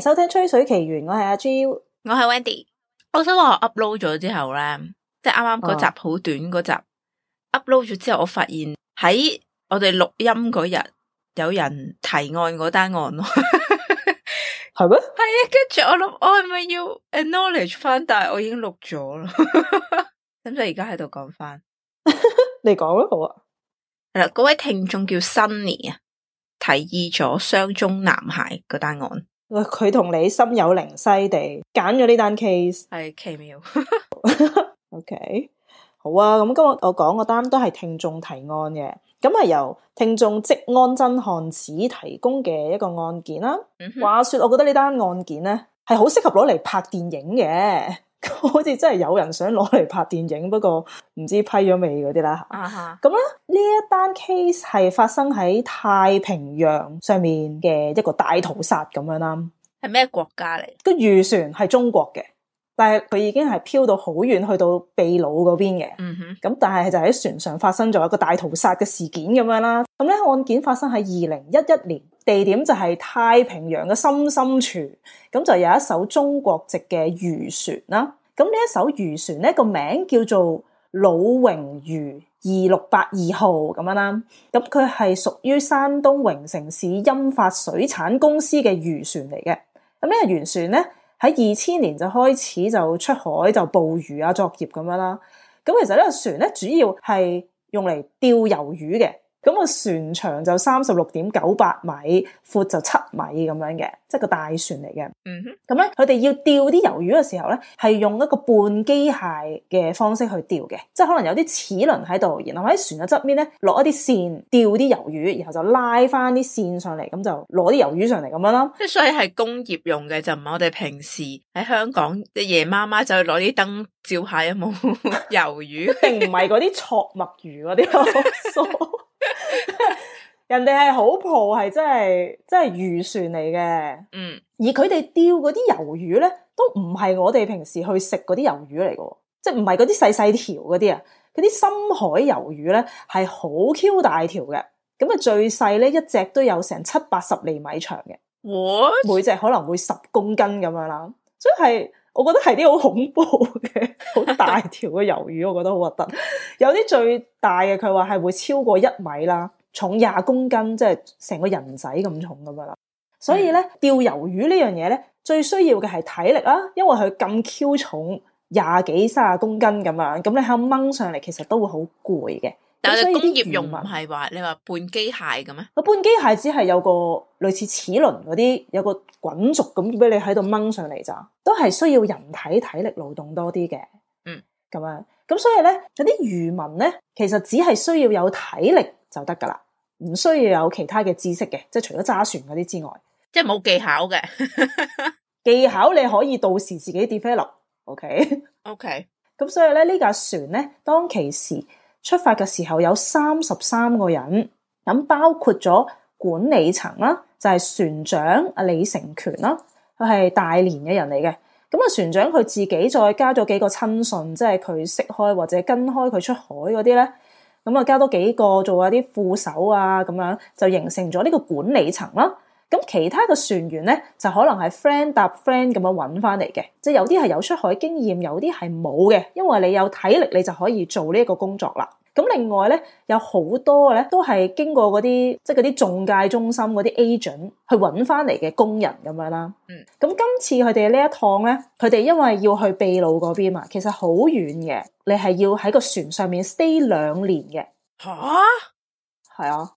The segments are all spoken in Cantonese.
收聽《吹水奇緣》，我係阿 J，我係 Wendy。我想話 upload 咗之後咧，即係啱啱嗰集好短嗰、oh. 集 upload 咗之後，我發現喺我哋錄音嗰日，有人提案嗰單案咯 嗎，係咩？係啊，跟住我諗，我係咪要 acknowledge 翻？但係我已經錄咗啦，咁就而家喺度講翻，你講啦好啊。嗱，嗰位聽眾叫 Sunny 啊，提議咗雙中男孩嗰單案。佢同、啊、你心有靈犀地揀咗呢單 case，係奇妙。 OK，好啊。咁今日我講個單都係聽眾提案嘅，咁係由聽眾職案真漢子提供嘅一個案件啦、啊。Mm hmm. 話說，我覺得呢單案件咧，係好適合攞嚟拍電影嘅。好似真係有人想攞嚟拍電影，不過唔知批咗未嗰啲啦吓。咁咧呢一單 case 係發生喺太平洋上面嘅一個大屠殺咁樣啦。係咩國家嚟？個漁船係中國嘅。但係佢已經係漂到好遠，去到秘魯嗰邊嘅。咁、嗯、哼但係就喺船上發生咗一個大屠殺嘅事件咁樣啦。咁、嗯、咧案件發生喺二零一一年，地點就係太平洋嘅深深處。咁、嗯、就有一艘中國籍嘅漁船啦。咁呢一艘漁船咧個名叫做魯榮漁二六八二號咁樣啦。咁佢係屬於山東榮城市音發水產公司嘅漁船嚟嘅。咁、嗯這個、呢個漁船咧。喺二千年就開始就出海就捕魚啊、作業咁樣啦。咁其實呢個船咧，主要係用嚟釣魷魚嘅。咁個船長就三十六點九八米，闊就七米咁樣嘅，即係個大船嚟嘅。嗯哼，咁咧，佢哋要釣啲魷魚嘅時候咧，係用一個半機械嘅方式去釣嘅，即係可能有啲齒輪喺度，然後喺船嘅側邊咧落一啲線，釣啲魷魚，然後就拉翻啲線上嚟，咁就攞啲魷魚上嚟咁樣囉。即係所以係工業用嘅，就唔係我哋平時喺香港嘅夜媽媽就去攞啲燈照下啊，冇魷魚，定唔係嗰啲戳墨魚嗰啲。 人哋係好蒲，o 係真係真係漁船嚟嘅。嗯，而佢哋釣嗰啲魷魚咧，都唔係我哋平時去食嗰啲魷魚嚟嘅，即係唔係嗰啲細細條嗰啲啊，嗰啲深海魷魚咧係好 Q 大條嘅。咁啊最細咧一隻都有成七八十厘米長嘅，What? 每隻可能會十公斤咁樣啦，所以係。我覺得係啲好恐怖嘅，好 大條嘅魷魚，我覺得好核突。 有啲最大嘅，佢話係會超過一米啦，重廿公斤，即係成個人仔咁重咁樣啦。嗯、所以咧，釣魷魚呢樣嘢咧，最需要嘅係體力啦，因為佢咁 Q 重，廿幾三十公斤咁樣，咁你喺度掹上嚟，其實都會好攰嘅。所以啲業用唔係話你話半機械嘅咩？嗰半機械只係有個類似齒輪嗰啲，有個滾軸咁俾你喺度掹上嚟，咋，都係需要人體體力勞動多啲嘅。嗯，咁樣，咁所以咧，有啲漁民咧，其實只係需要有體力就得噶啦，唔需要有其他嘅知識嘅，即係除咗揸船嗰啲之外，即係冇技巧嘅。 技巧你可以到時自己 develop。OK，OK。咁所以咧，呢架船咧，當其時，時。出發嘅時候有三十三個人，咁包括咗管理層啦，就係船長阿李成權啦，佢係大連嘅人嚟嘅。咁啊船長佢自己再加咗幾個親信，即係佢識開或者跟開佢出海嗰啲咧，咁啊加多幾個做下啲副手啊咁樣，就形成咗呢個管理層啦。咁其他嘅船員咧，就可能係 friend 搭 friend 咁樣揾翻嚟嘅，即係有啲係有出海經驗，有啲係冇嘅。因為你有體力，你就可以做呢一個工作啦。咁另外咧，有好多咧都係經過嗰啲即係嗰啲仲介中心嗰啲 agent 去揾翻嚟嘅工人咁樣啦。嗯，咁今次佢哋呢一趟咧，佢哋因為要去秘魯嗰邊嘛，其實好遠嘅，你係要喺個船上面 stay 兩年嘅。吓，係啊，啊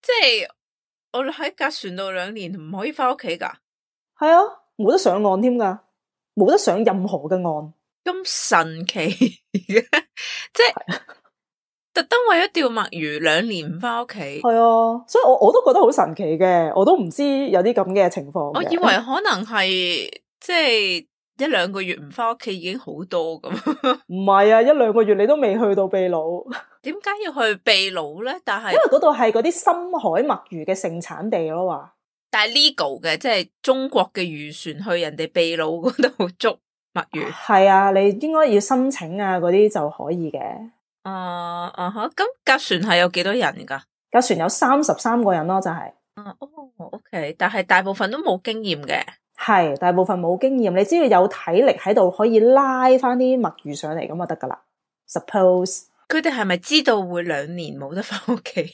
即係。我喺架船度兩年唔可以翻屋企噶，係啊，冇得上岸添噶，冇得上任何嘅岸，咁神奇嘅， 即係 特登為咗釣墨魚兩年唔翻屋企，係啊，所以我我都覺得好神奇嘅，我都唔知有啲咁嘅情況。我以為可能係 即係一兩個月唔翻屋企已經好多咁，唔 係啊，一兩個月你都未去到秘魯。點解要去秘魯咧？但係因為嗰度係嗰啲深海墨魚嘅盛產地咯，話。但係 legal 嘅，即係中國嘅漁船去人哋秘魯嗰度捉墨魚。係啊，啊，你應該要申請啊，嗰啲就可以嘅。誒、uh, uh，啊、huh，哈，咁架船係有幾多人噶？架船有三十三個人咯，就係、是。哦、uh, oh，OK，但係大部分都冇經驗嘅。係，大部分冇經驗，你只要有體力喺度，可以拉翻啲墨魚上嚟咁就得噶啦。Suppose。佢哋係咪知道會兩年冇得翻屋企？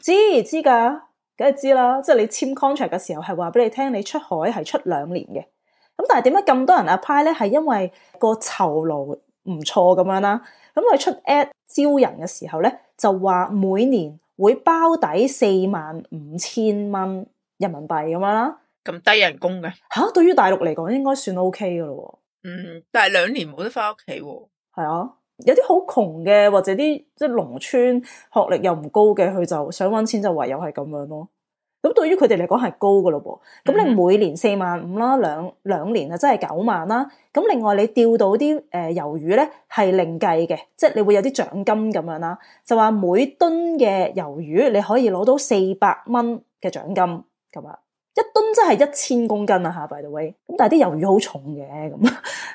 知，知噶，梗係知啦。即係你簽 contract 嘅時候，係話俾你聽，你出海係出兩年嘅。咁但係點解咁多人 apply 咧？係因為個酬勞唔錯咁樣啦。咁佢出 ad 招人嘅時候咧，就話每年會包底四萬五千蚊人民幣咁樣啦。咁低人工嘅吓？啊，對於大陸嚟講應該算 OK 噶咯。嗯，但係兩年冇得翻屋企。係啊。有啲好窮嘅，或者啲即係農村學歷又唔高嘅，佢就想揾錢就唯有係咁樣咯。咁對於佢哋嚟講係高噶咯噃。咁、嗯、你每年四萬五啦，兩兩年啊，即係九萬啦。咁另外你釣到啲誒魷魚咧，係另計嘅，即係你會有啲獎金咁樣啦。就話每噸嘅魷魚你可以攞到四百蚊嘅獎金咁啊，一噸真係一千公斤啊吓。By the way，咁但係啲魷魚好重嘅咁。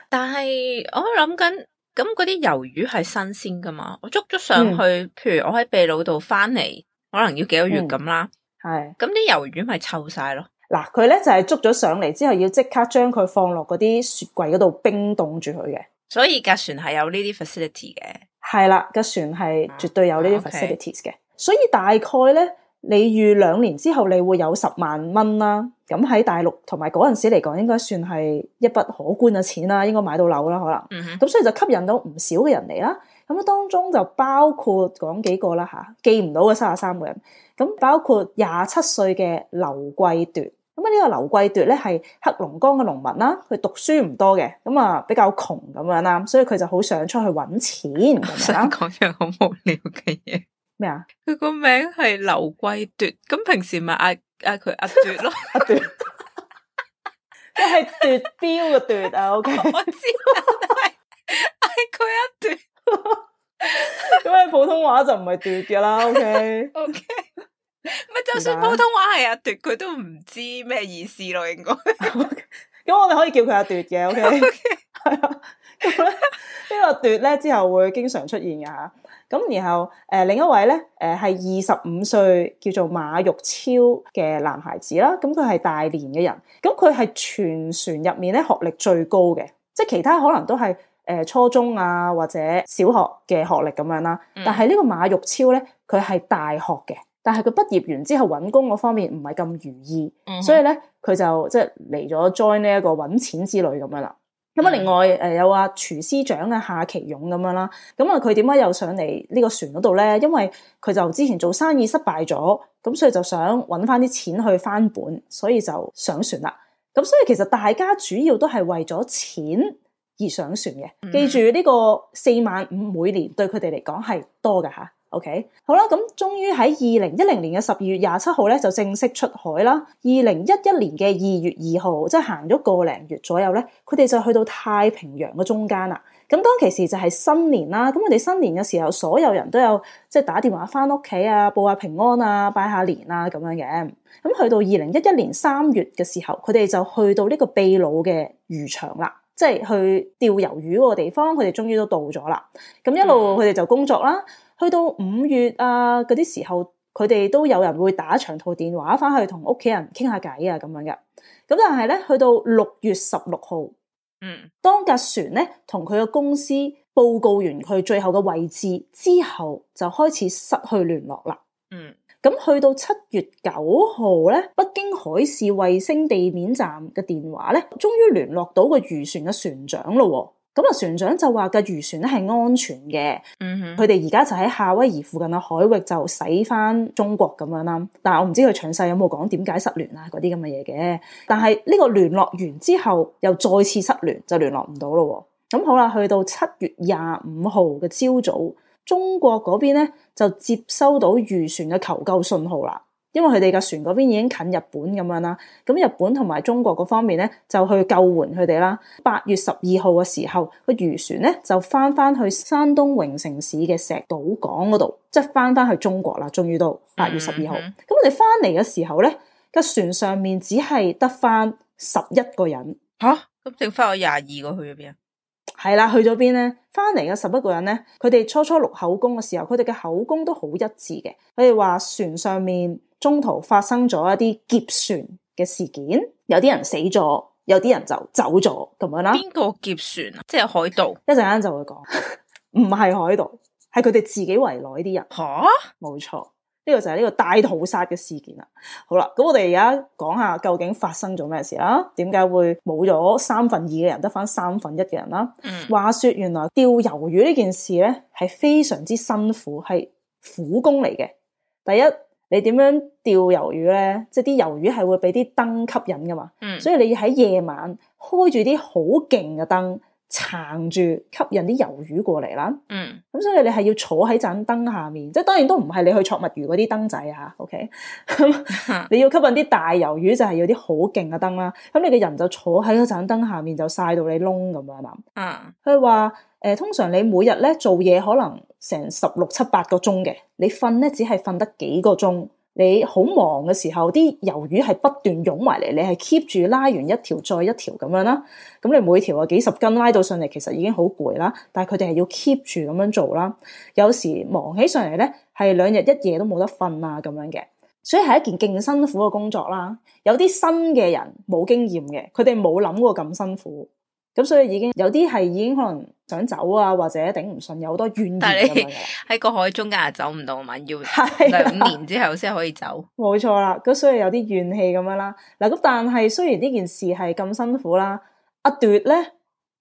但係我諗緊。咁嗰啲魷魚係新鮮噶嘛？我捉咗上去，嗯、譬如我喺秘魯度翻嚟，可能要幾個月咁啦。係、嗯，咁啲魷魚咪臭晒咯。嗱，佢咧就係、是、捉咗上嚟之後，要即刻將佢放落嗰啲雪櫃嗰度冰凍住佢嘅。所以架船係有呢啲 facility 嘅。係啦，架船係絕對有呢啲 facilities 嘅、啊啊 okay。所以大概咧，你預兩年之後你會有十萬蚊啦。咁喺大陸同埋嗰陣時嚟講，應該算係一筆可觀嘅錢啦，應該買到樓啦，可能。咁、嗯、哼所以就吸引到唔少嘅人嚟啦。咁啊，當中就包括講幾個啦嚇，記唔到嘅三十三個人。咁包括廿七歲嘅劉貴奪。咁啊，呢個劉貴奪咧係黑龍江嘅農民啦，佢讀書唔多嘅，咁啊比較窮咁樣啦，所以佢就好想出去揾錢。我想講啲好無聊嘅嘢。咩啊麼？佢個名係劉貴奪，咁平時咪阿。啊！佢阿奪咯，阿奪，即係奪標嘅奪啊！O K，我知係係佢阿奪，咁你、啊、 普通話就唔係奪噶啦，O K，O K，乜就算普通話係阿奪，佢都唔知咩意思咯、 啊，應、啊、該。咁我哋可以叫佢阿奪嘅，O K，係啊，呢個奪咧之後會經常出現㗎。 咁然後誒、呃、另一位咧誒係二十五歲叫做馬玉超嘅男孩子啦，咁佢係大連嘅人，咁佢係全船入面咧學歷最高嘅，即係其他可能都係誒、呃、初中啊或者小學嘅學歷咁樣啦。但係呢個馬玉超咧，佢係大學嘅，但係佢畢業完之後揾工嗰方面唔係咁如意，嗯、哼所以咧佢就即係嚟咗 join 呢、這、一個揾錢之類咁樣啦。咁啊，另外誒，有阿廚師長啊，夏其勇咁樣啦。咁啊，佢點解又上嚟呢個船嗰度咧？因為佢就之前做生意失敗咗，咁所以就想揾翻啲錢去翻本，所以就上船啦。咁所以其實大家主要都係為咗錢而上船嘅。嗯、記住呢個四萬五每年對佢哋嚟講係多㗎吓。OK，好啦，咁終於喺二零一零年嘅十二月廿七號咧，就正式出海啦。二零一一年嘅二月二號，即係行咗個零月左右咧，佢哋就去到太平洋嘅中間啦。咁當其時就係新年啦，咁佢哋新年嘅時候，所有人都有即係打電話翻屋企啊，報下平安啊，拜下年啊咁樣嘅。咁去到二零一一年三月嘅時候，佢哋就去到呢個秘魯嘅漁場啦，即係去釣魷魚嗰個地方，佢哋終於都到咗啦。咁一路佢哋就工作啦。去到五月啊，嗰啲時候佢哋都有人會打長途電話翻去同屋企人傾下偈啊，咁樣嘅。咁但係咧，去到六月十六號，嗯，當架船咧同佢嘅公司報告完佢最後嘅位置之後，就開始失去聯絡啦。嗯，咁去到七月九號咧，北京海事衛星地面站嘅電話咧，終於聯絡到個漁船嘅船長咯。咁啊，船長就話架漁船咧係安全嘅。嗯，佢哋而家就喺夏威夷附近嘅海域就使返中國咁樣啦。但係我唔知佢詳細有冇講點解失聯啊，嗰啲咁嘅嘢嘅。但係呢個聯絡完之後，又再次失聯，就聯絡唔到咯。咁好啦，去到七月廿五號嘅朝早，中國嗰邊咧就接收到漁船嘅求救信號啦。因為佢哋嘅船嗰邊已經近日本咁樣啦，咁日本同埋中國嗰方面咧就去救援佢哋啦。八月十二號嘅時候，個漁船咧就翻翻去山東榮成市嘅石島港嗰度，即係翻翻去中國啦。終於到八月十二號，咁、嗯嗯、我哋翻嚟嘅時候咧，個船上面只係得翻十一個人。吓、啊？咁剩翻我廿二個去咗邊啊？係啦，去咗邊咧？翻嚟嘅十一個人咧，佢哋初初錄口供嘅時候，佢哋嘅口供都好一致嘅，佢哋話船上面中途發生咗一啲劫船嘅事件，有啲人死咗，有啲人就走咗咁樣啦。邊個劫船啊？即係海盜？一陣間就會講，唔 係海盜，係佢哋自己圍內啲人。吓哈，冇錯。呢個就係呢個大屠殺嘅事件啦。好啦，咁我哋而家講下究竟發生咗咩事啦。點解會冇咗三分二嘅人，得翻三分一嘅人啦？嗯，話說原來釣魷魚呢件事咧，係非常之辛苦，係苦工嚟嘅。第一，你點樣釣魷魚咧？即係啲魷魚係會俾啲燈吸引噶嘛？嗯，所以你要喺夜晚開住啲好勁嘅燈。撐住吸引啲魷魚過嚟啦，嗯，咁所以你係要坐喺盞燈下面，即係當然都唔係你去捉物魚嗰啲燈仔啊，OK，咁、 嗯、你要吸引啲大魷魚就係、是、有啲好勁嘅燈啦，咁、嗯、你個人就坐喺嗰盞燈下面就晒到你窿咁樣啦，啊、嗯，佢話誒通常你每日咧做嘢可能成十六七八個鐘嘅，你瞓咧只係瞓得幾個鐘。你好忙嘅時候，啲魷魚係不斷湧埋嚟，你係 keep 住拉完一條再一條咁樣啦。咁你每條啊幾十斤拉到上嚟，其實已經好攰啦。但係佢哋係要 keep 住咁樣做啦。有時忙起上嚟咧，係兩日一夜都冇得瞓啊咁樣嘅，所以係一件勁辛苦嘅工作啦。有啲新嘅人冇經驗嘅，佢哋冇諗過咁辛苦，咁所以已經有啲係已經可能。想走啊，或者頂唔順，有好多怨言咁樣。喺個海中間又走唔到，嘛的，要五年之後先可以走，冇錯啦。咁所以有啲怨氣咁樣啦。嗱咁，但係雖然呢件事係咁辛苦啦，阿奪咧，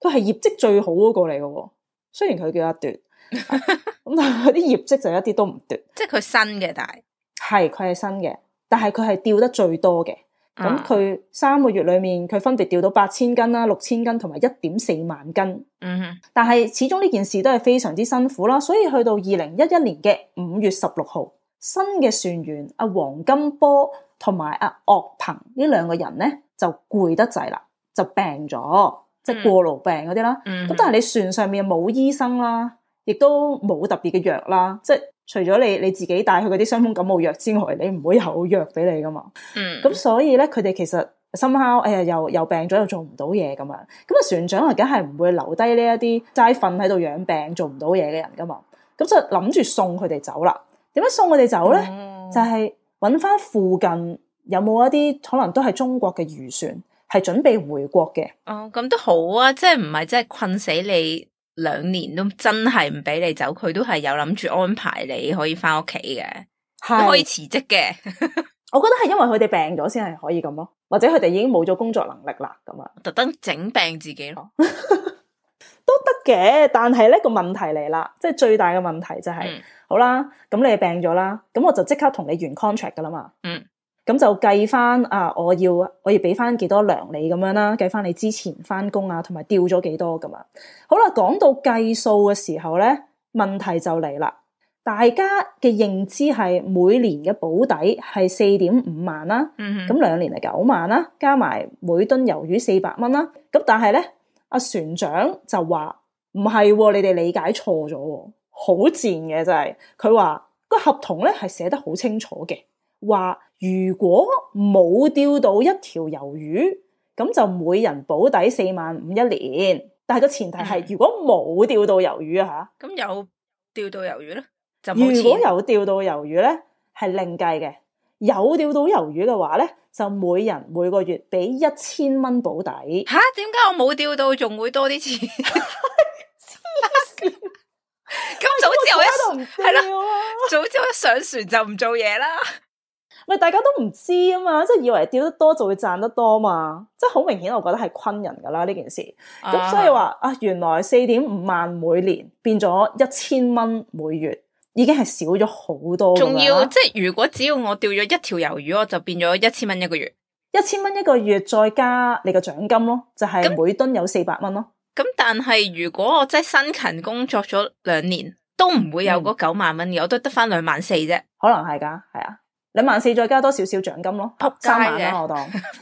佢係業績最好嗰個嚟嘅。雖然佢叫阿奪，咁 但係佢啲業績就一啲都唔奪，即係佢新嘅，但係係佢係新嘅，但係佢係掉得最多嘅。咁佢三個月裏面，佢分別釣到八千斤啦、六千斤同埋一點四萬斤。6, 斤 4, 斤，嗯，哼但係始終呢件事都係非常之辛苦啦。所以去到二零一一年嘅五月十六號，新嘅船員阿、啊、黃金波同埋阿岳鵬呢兩個人咧就攰得滯啦，就病咗，即、就、係、是、過勞病嗰啲啦。咁、嗯、哼但係你船上面冇醫生啦，亦都冇特別嘅藥啦，即、就、係、是。除咗你你自己帶去嗰啲傷風感冒藥之外，你唔會有藥俾你噶嘛？嗯，咁所以咧，佢哋其實深刻誒，又又病咗又做唔到嘢咁樣，咁啊船長啊，梗係唔會留低呢一啲齋瞓喺度養病做唔到嘢嘅人噶嘛，咁就諗住送佢哋走啦。點樣送佢哋走咧？嗯、就係揾翻附近有冇一啲可能都係中國嘅漁船，係準備回國嘅。哦，咁都好啊，即係唔係真係困死你。兩年都真係唔俾你走，佢都係有諗住安排你可以翻屋企嘅，是可以辭職嘅。 我覺得係因為佢哋病咗先係可以咁咯，或者佢哋已經冇咗工作能力啦，咁啊，特登整病自己咯， 都得嘅。但係咧個問題嚟啦，即係最大嘅問題就係、是，嗯、好啦，咁你病咗啦，咁我就即刻同你完 contract 噶啦嘛。嗯咁就計翻啊！我要我要俾翻幾多糧你咁樣啦，計翻你之前翻工啊，同埋釣咗幾多噶嘛？好啦，講到計數嘅時候咧，問題就嚟啦。大家嘅認知係每年嘅保底係四點五萬啦，咁兩年、嗯哼、係九萬啦，加埋每噸魷魚四百蚊啦。咁但係咧，阿船長就話唔係，你哋理解錯咗，好賤嘅就係、是。佢話、個合同咧係寫得好清楚嘅。話如果冇釣到一條魷魚，咁就每人保底四萬五一年。但係個前提係如果冇釣到魷魚吓，咁有釣到魷魚咧就如果有釣到魷魚咧係另計嘅。有釣到魷魚嘅話咧，就每人每個月俾一千蚊保底。吓、啊，點解我冇釣到仲會多啲錢？咁、 啊、早朝一係咯，早朝一上船就唔做嘢啦。喂，大家都唔知啊嘛，即係以為釣得多就會賺得多嘛，即係好明顯，我覺得係昆人噶啦呢件事。咁、啊、所以話啊，原來四點五萬每年變咗一千蚊每月，已經係少咗好多。仲要即係如果只要我釣咗一條魷魚，我就變咗一千蚊一個月。一千蚊一個月再加你個獎金咯，就係、是、每噸有四百蚊咯。咁但係如果我即係辛勤工作咗兩年，都唔會有嗰九萬蚊嘅，我都得翻兩萬四啫。可能係噶，係啊。兩萬四再加多少少獎金咯，三萬啦，扑街嘅，我當，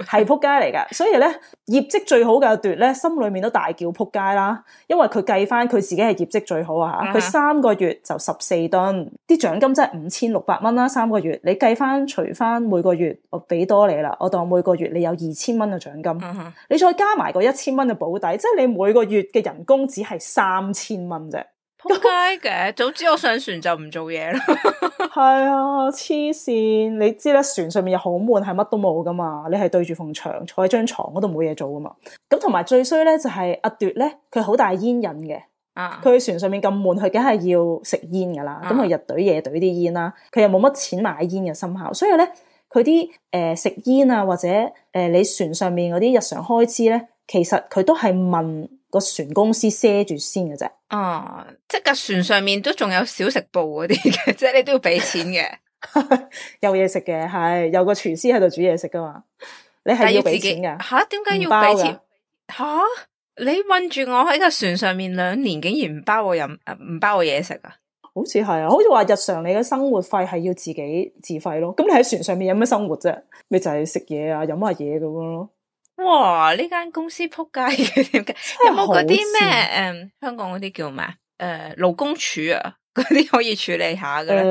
係扑 街嚟嘅。所以咧，業績最好嘅奪咧，心裏面都大叫扑街啦。因為佢計翻佢自己係業績最好啊，佢、嗯、哼三個月就十四噸，啲獎金真係五千六百蚊啦。三個月，你計翻除翻每個月我俾多你啦，我當每個月你有二千蚊嘅獎金，嗯、哼你再加埋個一千蚊嘅保底，即係你每個月嘅人工只係三千蚊啫。扑街嘅，早知我上船就唔做嘢啦。 係啊，黐線，哎！你知啦，船上面又好悶，係乜都冇噶嘛，你係對住埲牆，坐喺張床嗰度冇嘢做噶嘛。咁同埋最衰咧就係、是、阿奪咧，佢好大煙癮嘅。啊，佢船上面咁悶，佢梗係要食煙噶啦。咁佢、啊、日對夜對啲煙啦，佢又冇乜錢買煙嘅心效。所以咧佢啲誒食煙啊或者誒、呃、你船上面嗰啲日常開支咧。其實佢都係問個船公司賒住先嘅啫，啊、嗯！即係架船上面都仲有小食部嗰啲嘅，即係你都要俾錢嘅 ，有嘢食嘅係有個廚師喺度煮嘢食噶嘛，你係要俾錢噶吓？點解要俾、啊、錢？吓、啊？你困住我喺架船上面兩年，竟然唔包我飲，唔包我嘢食啊？好似係啊，好似話日常你嘅生活費係要自己自費咯。咁你喺船上面有咩生活啫？咪就係食嘢啊，飲下嘢咁樣咯。哇！呢間公司扑街嘅？點解？啊、有冇嗰啲咩？誒、嗯，香港嗰啲叫咩？誒、呃，勞工處啊，嗰 啲可以處理下嘅咧？嗱、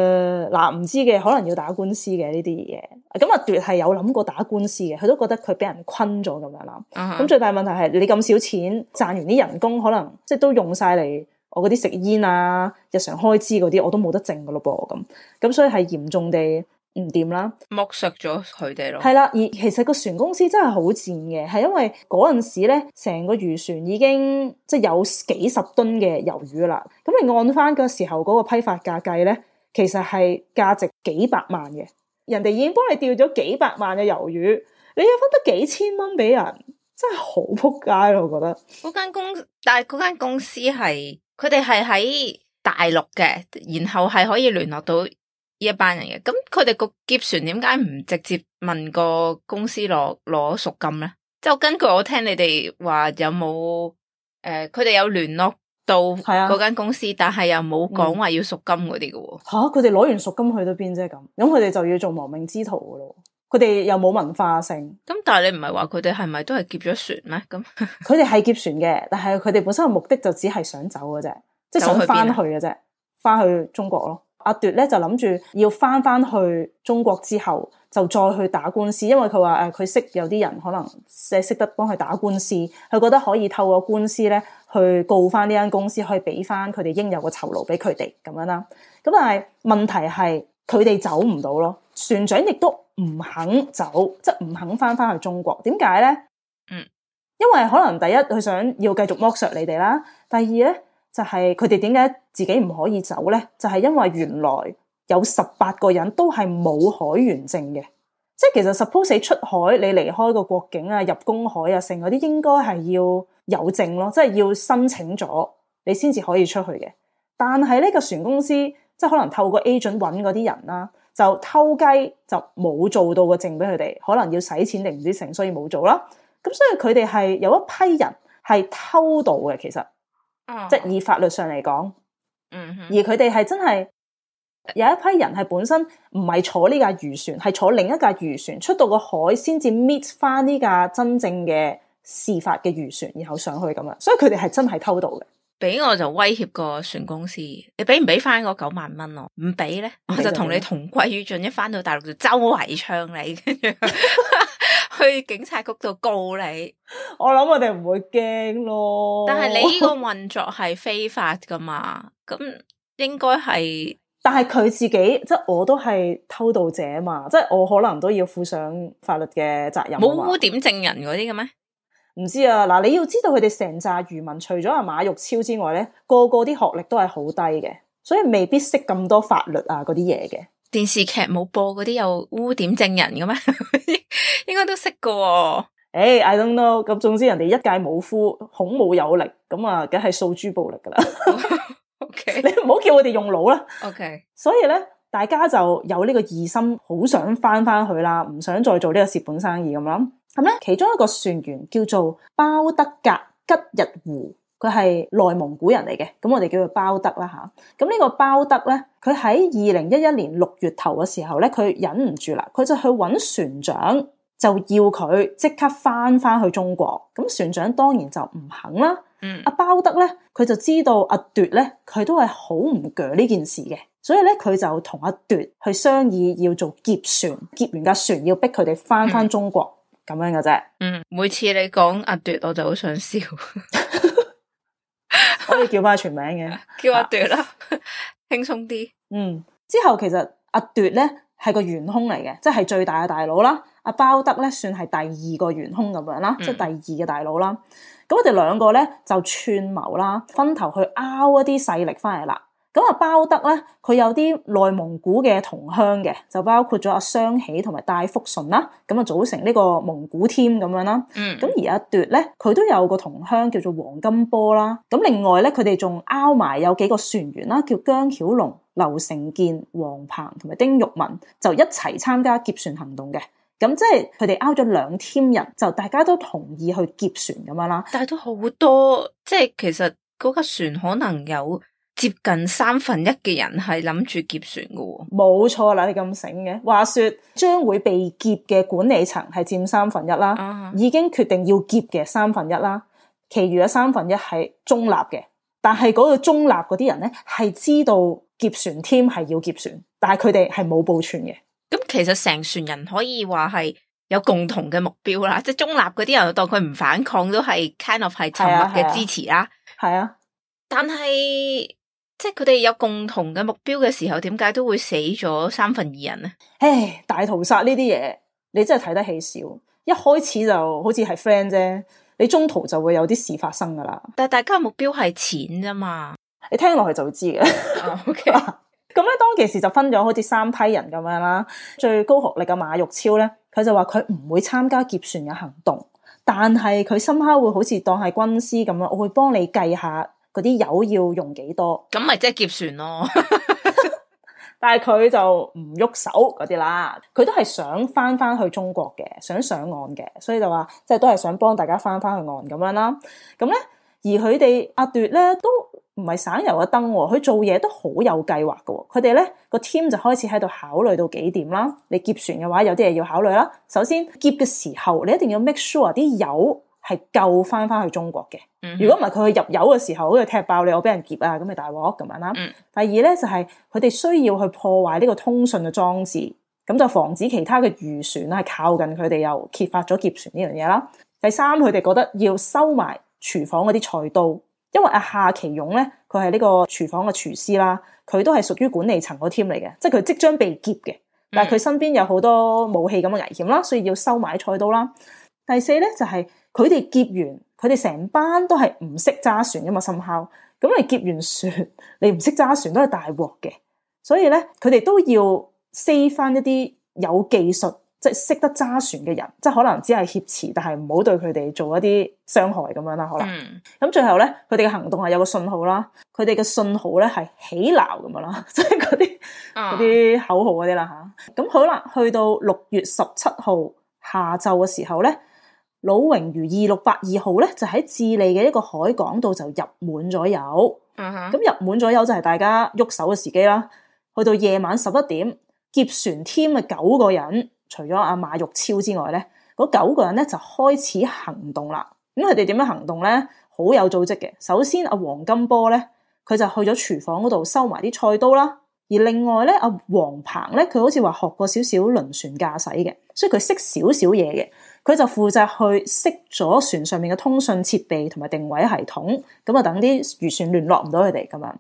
呃、唔、呃、知嘅，可能要打官司嘅呢啲嘢。咁啊，絕對係有諗過打官司嘅。佢都覺得佢俾人坤咗咁樣啦。咁最大問題係你咁少錢賺完啲人工，可能即係都用晒嚟我嗰啲食煙啊、日常開支嗰啲，我都冇得剩噶咯噃。咁咁所以係嚴重地。唔掂啦，剝削咗佢哋咯，係啦。而其實個船公司真係好賤嘅，係因為嗰陣時咧，成個漁船已經即係有幾十噸嘅魷魚啦。咁你按翻嗰個時候嗰個批發價計咧，其實係價值幾百萬嘅。人哋已經幫你釣咗幾百萬嘅魷魚，你又分得幾千蚊俾人，真係好撲街咯！我覺得嗰間公，但係嗰間公司係佢哋係喺大陸嘅，然後係可以聯絡到。呢一班人嘅，咁佢哋個劫船點解唔直接問個公司攞攞贖金咧？就根據我聽你哋話，呃、有冇誒，佢哋有聯絡到係啊嗰間公司，是啊、但係又冇講話要贖金嗰啲嘅喎。吓，佢哋攞完贖金去到邊啫？咁，咁佢哋就要做亡命之徒嘅咯。佢哋又冇文化性。咁但係你唔係話佢哋係咪都係劫咗船咩？咁佢哋係劫船嘅，但係佢哋本身嘅目的就只係想走嘅啫，即係想翻去嘅啫，翻去中國咯。阿奪咧就諗住要翻翻去中國之後，就再去打官司，因為佢話誒佢識有啲人可能即係識得幫佢打官司，佢覺得可以透過官司咧去告翻呢間公司，可以俾翻佢哋應有嘅酬勞俾佢哋咁樣啦。咁但係問題係佢哋走唔到咯，船長亦都唔肯走，即係唔肯翻翻去中國。點解咧？嗯，因為可能第一佢想要繼續剝削你哋啦，第二咧。就係佢哋點解自己唔可以走咧？就係、是、因為原來有十八個人都係冇海員證嘅，即係其實 suppose 出海你離開個國境啊，入公海啊，剩嗰啲應該係要有證咯，即係要申請咗你先至可以出去嘅。但係呢、這個船公司即係可能透過 agent 搵嗰啲人啦，就偷雞就冇做到個證俾佢哋，可能要使錢定唔知成，所以冇做啦。咁所以佢哋係有一批人係偷渡嘅，其實。即以法律上嚟講，嗯哼而佢哋係真係有一批人係本身唔係坐呢架漁船，係坐另一架漁船出到個海，先至 meet 翻呢架真正嘅事發嘅漁船，然後上去咁樣。所以佢哋係真係偷渡嘅。俾我就威脅個船公司，你俾唔俾翻嗰九萬蚊喎？唔俾咧，我，唔俾，我就同你同歸於盡，一翻到大陸就周圍唱你。去警察局度告你， 我諗我哋唔會驚咯。但係你呢個運作係非法噶嘛？咁應該係， 但係佢自己即係我都係偷渡者啊嘛，即係我可能都要負上法律嘅責任。冇污點證人嗰啲嘅咩？唔知啊，嗱，你要知道佢哋成紮漁民，除咗阿馬玉超之外咧，個個啲學歷都係好低嘅，所以未必識咁多法律啊嗰啲嘢嘅。電視劇冇播嗰啲有污點證人嘅咩？ 應該都識嘅。哦。誒、hey,，I don't know。咁總之人哋一介武夫，孔武有力，咁啊，梗係訴諸暴力噶啦。Oh, OK， 你唔好叫我哋用腦啦。OK，所以咧，大家就有呢個異心，好想返返去啦，唔想再做呢個蝕本生意咁啦。咁咧，其中一個船員叫做包德格吉日湖。佢係內蒙古人嚟嘅，咁我哋叫佢包德啦吓。咁、啊、呢個包德咧，佢喺二零一一年六月頭嘅時候咧，佢忍唔住啦，佢就去揾船長，就要佢即刻翻翻去中國。咁船長當然就唔肯啦。嗯，阿包德咧，佢就知道阿奪咧，佢都係好唔鋸呢件事嘅，所以咧佢就同阿奪去商議要做劫船，劫完架船要逼佢哋翻翻中國咁、嗯、樣嘅啫。嗯，每次你講阿奪，我就好想笑。 可以叫翻佢全名嘅，叫阿奪啦、啊，輕鬆啲。嗯，之後其實阿奪咧係個元凶嚟嘅，即係最大嘅大佬啦。阿包德咧算係第二個元凶咁樣啦，嗯、即係第二嘅大佬啦。咁我哋兩個咧就串謀啦，分頭去拗一啲勢力翻嚟啦。咁啊，包德咧，佢有啲內蒙古嘅同鄉嘅，就包括咗阿雙喜同埋戴福順啦。咁啊，組成呢個蒙古 team 咁樣啦。嗯。咁而阿奪咧，佢都有個同鄉叫做黃金波啦。咁另外咧，佢哋仲拗埋有幾個船員啦，叫姜曉龍、劉成建、黃鵬同埋丁玉文，就一齊參加劫船行動嘅。咁即係佢哋拗咗兩 team 人，就大家都同意去劫船咁樣啦。但係都好多，即係其實嗰架船可能有。接近三分一嘅人係諗住劫船㗎，冇錯啦！你咁醒嘅。話說將會被劫嘅管理層係佔三分一啦，uh，huh. 已經決定要劫嘅三分一啦，其餘嘅三分一係中立嘅。但係嗰個中立嗰啲人咧，係知道劫船添，係要劫船，但係佢哋係冇報串嘅。咁、嗯、其實成船人可以話係有共同嘅目標啦，即係中立嗰啲人，當佢唔反抗都係 kind of 係沉默嘅支持啦。係啊，啊啊但係。即係佢哋有共同嘅目標嘅時候，點解都會死咗三分二人呢？唉，hey, 大屠殺呢啲嘢，你真係睇得起少。一開始就好似係 friend 啫，你中途就會有啲事發生噶啦。但係大家目標係錢啫嘛，你聽落去就會知嘅。咁 咧、uh, okay. 嗯，當其時就分咗好似三批人咁樣啦。最高學歷嘅馬玉超咧，佢就話佢唔會參加劫船嘅行動，但係佢深刻會好似當係軍師咁樣，我會幫你計下。嗰啲油要用幾多？咁咪即係劫船咯， 但係佢就唔喐手嗰啲啦，佢都係想翻翻去中國嘅，想上岸嘅，所以就話即係都係想幫大家翻翻去岸咁樣啦。咁咧，而佢哋阿奪咧都唔係省油嘅燈喎，佢做嘢都好有計劃嘅喎。佢哋咧個 team 就開始喺度考慮到幾點啦。你劫船嘅話，有啲嘢要考慮啦。首先劫嘅時候，你一定要 make sure 啲油。係救翻翻去中國嘅，mm hmm. 如果唔係佢去入油嘅時候，好似踢爆你，我俾人劫啊，咁咪大鑊咁樣啦。Mm hmm. 第二咧就係佢哋需要去破壞呢個通訊嘅裝置，咁就防止其他嘅漁船係靠近佢哋，又揭發咗劫船呢樣嘢啦。第三，佢哋覺得要收埋廚房嗰啲菜刀，因為阿夏其勇咧，佢係呢個廚房嘅廚師啦，佢都係屬於管理層個 team 嚟嘅，就是、即係佢即將被劫嘅，但係佢身邊有好多武器咁嘅危險啦，所以要收埋菜刀啦。第四咧就係、是。佢哋劫完，佢哋成班都係唔識揸船噶嘛？深烤，咁你劫完船，你唔識揸船都係大鑊嘅。所以咧，佢哋都要 say 翻一啲有技術，即係識得揸船嘅人，即係可能只係挾持，但係唔好對佢哋做一啲傷害咁樣啦。可能咁最後咧，佢哋嘅行動係有個信號啦。佢哋嘅信號咧係起鬧咁樣啦，即係嗰啲嗰啲口號嗰啲啦吓。咁好啦，去到六月十七號下晝嘅時候咧。老榮如二六八二號咧，就喺智利嘅一個海港度就入滿咗油。咁、uh huh. 入滿咗油就係大家喐手嘅時機啦。去到夜晚十一點，劫船添 e 嘅九個人，除咗阿馬玉超之外咧，嗰九個人咧就開始行動啦。咁佢哋點樣行動咧？好有組織嘅。首先阿、啊、黃金波咧，佢就去咗廚房嗰度收埋啲菜刀啦。而另外咧，阿、啊、黃鵬咧，佢好似話學過少少輪船駕駛嘅，所以佢識少少嘢嘅。佢就負責去熄咗船上面嘅通訊設備同埋定位系統，咁啊等啲漁船聯絡唔到佢哋咁樣。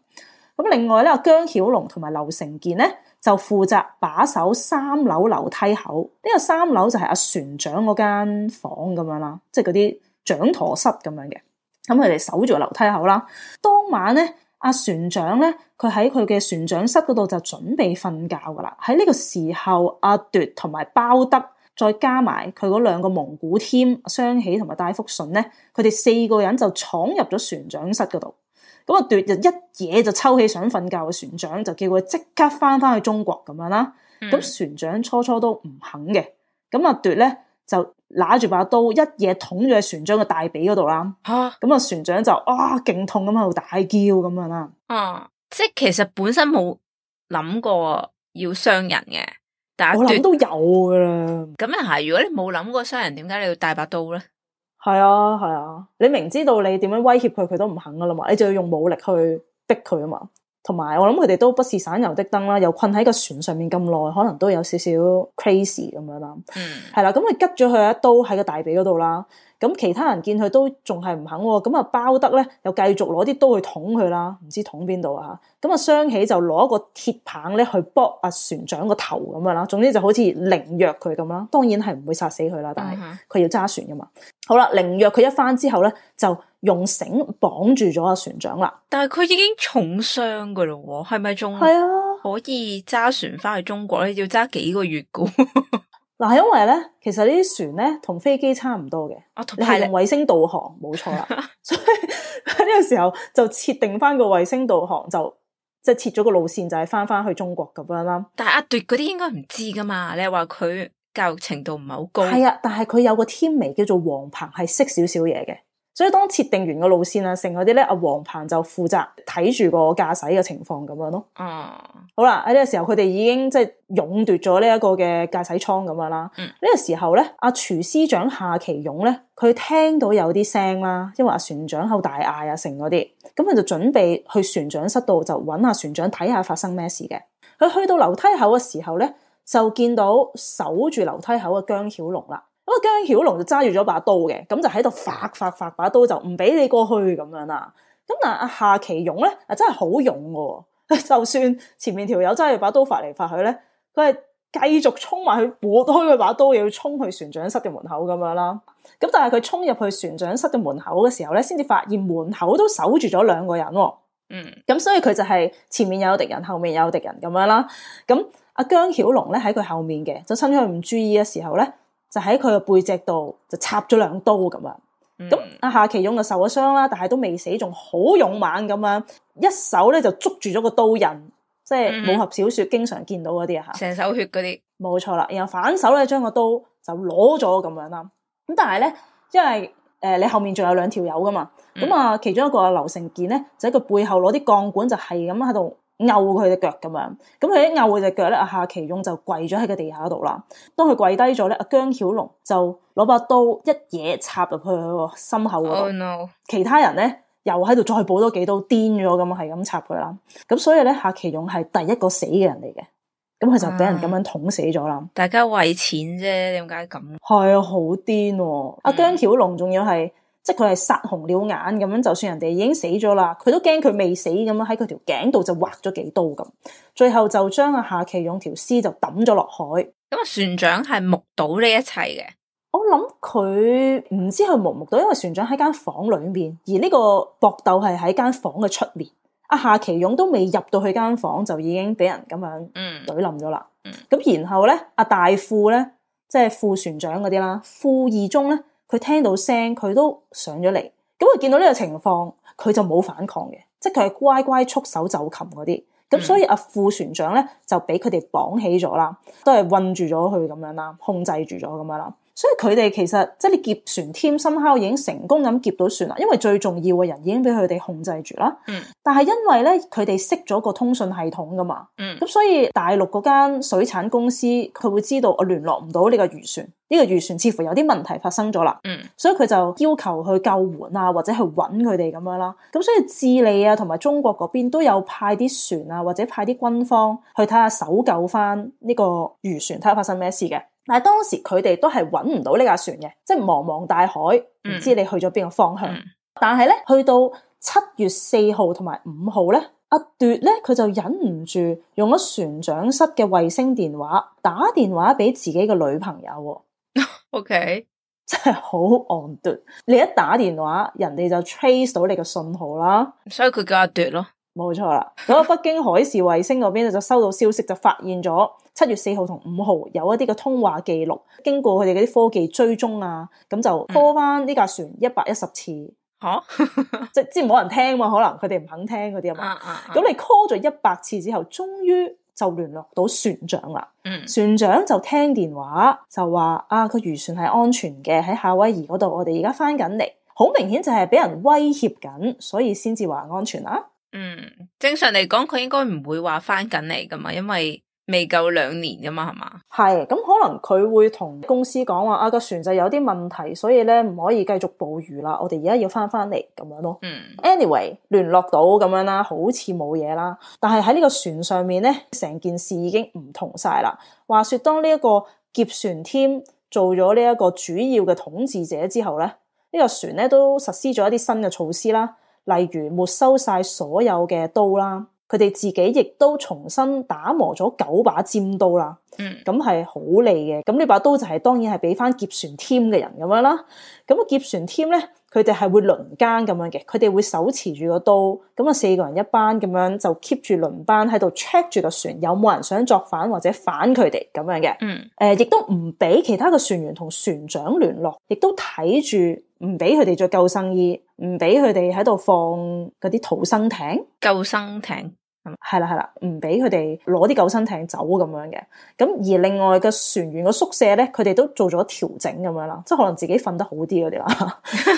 咁另外咧，阿姜曉龍同埋劉成健咧就負責把守三樓樓梯口。呢、這個三樓就係阿船長嗰間房咁樣啦，即係嗰啲掌舵室咁樣嘅。咁佢哋守住樓梯口啦。當晚咧，阿船長咧，佢喺佢嘅船長室嗰度就準備瞓覺噶啦。喺呢個時候，阿奪同埋包德。再加埋佢嗰兩個蒙古添，雙喜同埋戴福順咧，佢哋四個人就闖入咗船長室嗰度，咁阿奪就一嘢就抽起想瞓覺嘅船長，就叫佢即刻翻翻去中國咁樣啦。咁、嗯、船長初初都唔肯嘅，咁阿奪咧就拿住把刀一嘢捅咗喺船長嘅大髀嗰度啦。嚇、啊！咁啊船長就啊勁痛咁喺度大叫咁樣啦。啊！即係其實本身冇諗過要傷人嘅。我諗都有噶啦。咁啊係，如果你冇諗過傷人，點解你要帶把刀咧？係啊係啊，你明知道你點樣威脅佢，佢都唔肯噶啦嘛，你就要用武力去逼佢啊嘛。同埋我諗佢哋都不是省油的燈啦，又困喺個船上面咁耐，可能都有少少 crazy 咁樣啦。嗯，係啦、啊，咁佢吉咗佢一刀喺個大髀嗰度啦。咁其他人見佢都仲係唔肯、哦，咁啊包德咧又繼續攞啲刀去捅佢啦，唔知捅邊度啊？咁啊雙喜就攞一個鐵棒咧去剝阿船長個頭咁樣啦，總之就好似凌虐佢咁啦。當然係唔會殺死佢啦，但係佢要揸船噶嘛。嗯、哼好啦，凌虐佢一番之後咧，就用繩綁住咗阿船長啦。但係佢已經重傷噶咯，係咪仲啊，可以揸船翻去中國咧？你要揸幾個月噶？ 嗱，係因為咧，其實呢啲船咧同飛機差唔多嘅，你用衛星導航冇錯啦， 所以喺呢個時候就設定翻個衛星導航，就即係、就係、設咗個路線，就係翻翻去中國咁樣啦。但阿奪嗰啲應該唔知噶嘛？你話佢教育程度唔係好高，係啊，但係佢有個天眉叫做黃鵬，係識少少嘢嘅。所以當設定完個路線啊，成嗰啲咧，阿黃鵬就負責睇住個駕駛嘅情況咁樣咯。嗯，好啦，喺呢個時候佢哋已經即係勇奪咗呢一個嘅駕駛艙咁樣啦。嗯，呢個時候咧，阿廚師長夏其勇咧，佢聽到有啲聲啦，因為阿船長好大嗌啊，成嗰啲，咁佢就準備去船長室度就揾下船長睇下發生咩事嘅。佢去到樓梯口嘅時候咧，就見到守住樓梯口嘅姜曉龍啦。咁啊，姜曉龍就揸住咗把刀嘅，咁就喺度發發發把刀，就唔俾你過去咁樣啦。咁但係阿夏奇勇咧，啊真係好勇嘅，就算前面條友真係把刀發嚟發去咧，佢係繼續衝埋去撥開佢把刀，又要衝去船長室嘅門口咁樣啦。咁但係佢衝入去船長室嘅門口嘅時候咧，先至發現門口都守住咗兩個人。嗯，咁所以佢就係前面有敵人，後面有敵人咁樣啦。咁阿姜曉龍咧喺佢後面嘅，就趁佢唔注意嘅時候咧就喺佢個背脊度就插咗兩刀咁樣、嗯、啊！咁阿夏奇勇就受咗傷啦，但係都未死，仲好勇猛咁樣，嗯、一手咧就捉住咗個刀刃，即係武俠小說經常見到嗰啲啊吓，成手血嗰啲，冇錯啦。然後反手咧將個刀就攞咗咁樣啦。咁但係咧，因為誒、呃、你後面仲有兩條友噶嘛，咁、嗯、啊其中一個阿劉成健咧就喺佢背後攞啲鋼管就係咁喺度。勾佢隻腳咁樣，咁佢一勾佢隻腳咧，阿夏其勇就跪咗喺個地下度啦。當佢跪低咗咧，阿姜曉龍就攞把刀一嘢，插入去佢個心口嗰度。Oh, no. 其他人咧又喺度再補多幾刀，癲咗咁啊，係咁插佢啦。咁所以咧，夏其勇係第一個死嘅人嚟嘅。咁佢就俾人咁樣捅死咗啦。Uh, 大家為錢啫，點解咁？係啊，好癲啊！阿，嗯，姜曉龍仲要係。即係佢係殺紅了眼咁樣，就算人哋已經死咗啦，佢都驚佢未死咁樣，喺佢條頸度就劃咗幾刀咁，最後就將阿夏奇勇條屍就抌咗落海。咁啊，船長係目睹呢一切嘅，我諗佢唔知佢無目睹，因為船長喺間房裏面，而呢個搏鬥係喺間房嘅出面，阿夏奇勇都未入到去間房就已經俾人咁樣嗯懟冧咗啦。嗯，咁然後咧，阿大副咧，即係副船長嗰啲啦，副二中咧。佢聽到聲，佢都上咗嚟。咁佢見到呢個情況，佢就冇反抗嘅，即係佢係乖乖束手就擒嗰啲。咁所以阿、啊、副船長咧就俾佢哋綁起咗啦，都係困住咗佢咁樣啦，控制住咗咁樣啦。所以佢哋其實即係你劫船添，深海已經成功咁劫到船啦。因為最重要嘅人已經俾佢哋控制住啦。嗯。但係因為咧，佢哋識咗個通訊系統噶嘛。嗯。咁所以大陸嗰間水產公司佢會知道我聯絡唔到呢個漁船，呢個漁船似乎有啲問題發生咗啦。嗯。所以佢就要求去救援啊，或者去揾佢哋咁樣啦。咁所以智利啊，同埋中國嗰邊都有派啲船啊，或者派啲軍方去睇下搜救翻呢個漁船，睇下發生咩事嘅。但係當時佢哋都係揾唔到呢架船嘅，即係茫茫大海，唔知你去咗邊個方向。嗯、但係咧，去到七月四號同埋五號咧，阿奪咧佢就忍唔住用咗船長室嘅衛星電話打電話俾自己嘅女朋友。 OK，真係好 on 奪，你一打電話，人哋就 trace 到你嘅信號啦，所以佢叫阿奪咯。冇錯啦，咁喺北京海事衛星嗰邊咧就收到消息，就發現咗七月四號同五號有一啲嘅通話記錄，經過佢哋嗰啲科技追蹤啊，咁就 call 翻呢架船一百一十次，吓、啊、 即即係冇人聽嘛，可能佢哋唔肯聽嗰啲啊，嘛、啊。咁、啊、你 call 咗一百次之後，終於就聯絡到船長啦，嗯，船長就聽電話就話啊，個漁船係安全嘅，喺夏威夷嗰度，我哋而家翻緊嚟，好明顯就係俾人威脅緊，所以先至話安全啦。嗯，正常嚟講，佢應該唔會話翻緊嚟噶嘛，因為未夠兩年噶嘛，係嘛？係咁，嗯，可能佢會同公司講話啊，個船就有啲問題，所以咧唔可以繼續捕魚啦。我哋而家要翻翻嚟咁樣咯。嗯，anyway 聯絡到咁樣啦，好似冇嘢啦。但係喺呢個船上面咧，成件事已經唔同晒啦。話說，當呢一個劫船添做咗呢一個主要嘅統治者之後咧，呢個船咧都實施咗一啲新嘅措施啦。例如沒收晒所有嘅刀啦，佢哋自己亦都重新打磨咗九把尖刀啦。嗯、mm.，咁係好利嘅。咁呢把刀就係、是、當然係俾翻劫船 team 嘅人咁樣啦。咁個劫船 team 咧，佢哋係會輪奸咁樣嘅，佢哋會手持住個刀，咁啊四個人一班咁樣就 keep 住輪班喺度 check 住個船有冇人想作反或者反佢哋咁樣嘅。嗯、mm. 呃，誒，亦都唔俾其他嘅船員同船長聯絡，亦都睇住唔俾佢哋着救生衣。唔俾佢哋喺度放嗰啲逃生艇、救生艇，係啦係啦，唔俾佢哋攞啲救生艇走咁樣嘅。咁而另外嘅船員嘅宿舍咧，佢哋都做咗調整咁樣啦，即係可能自己瞓得好啲嗰啲啦。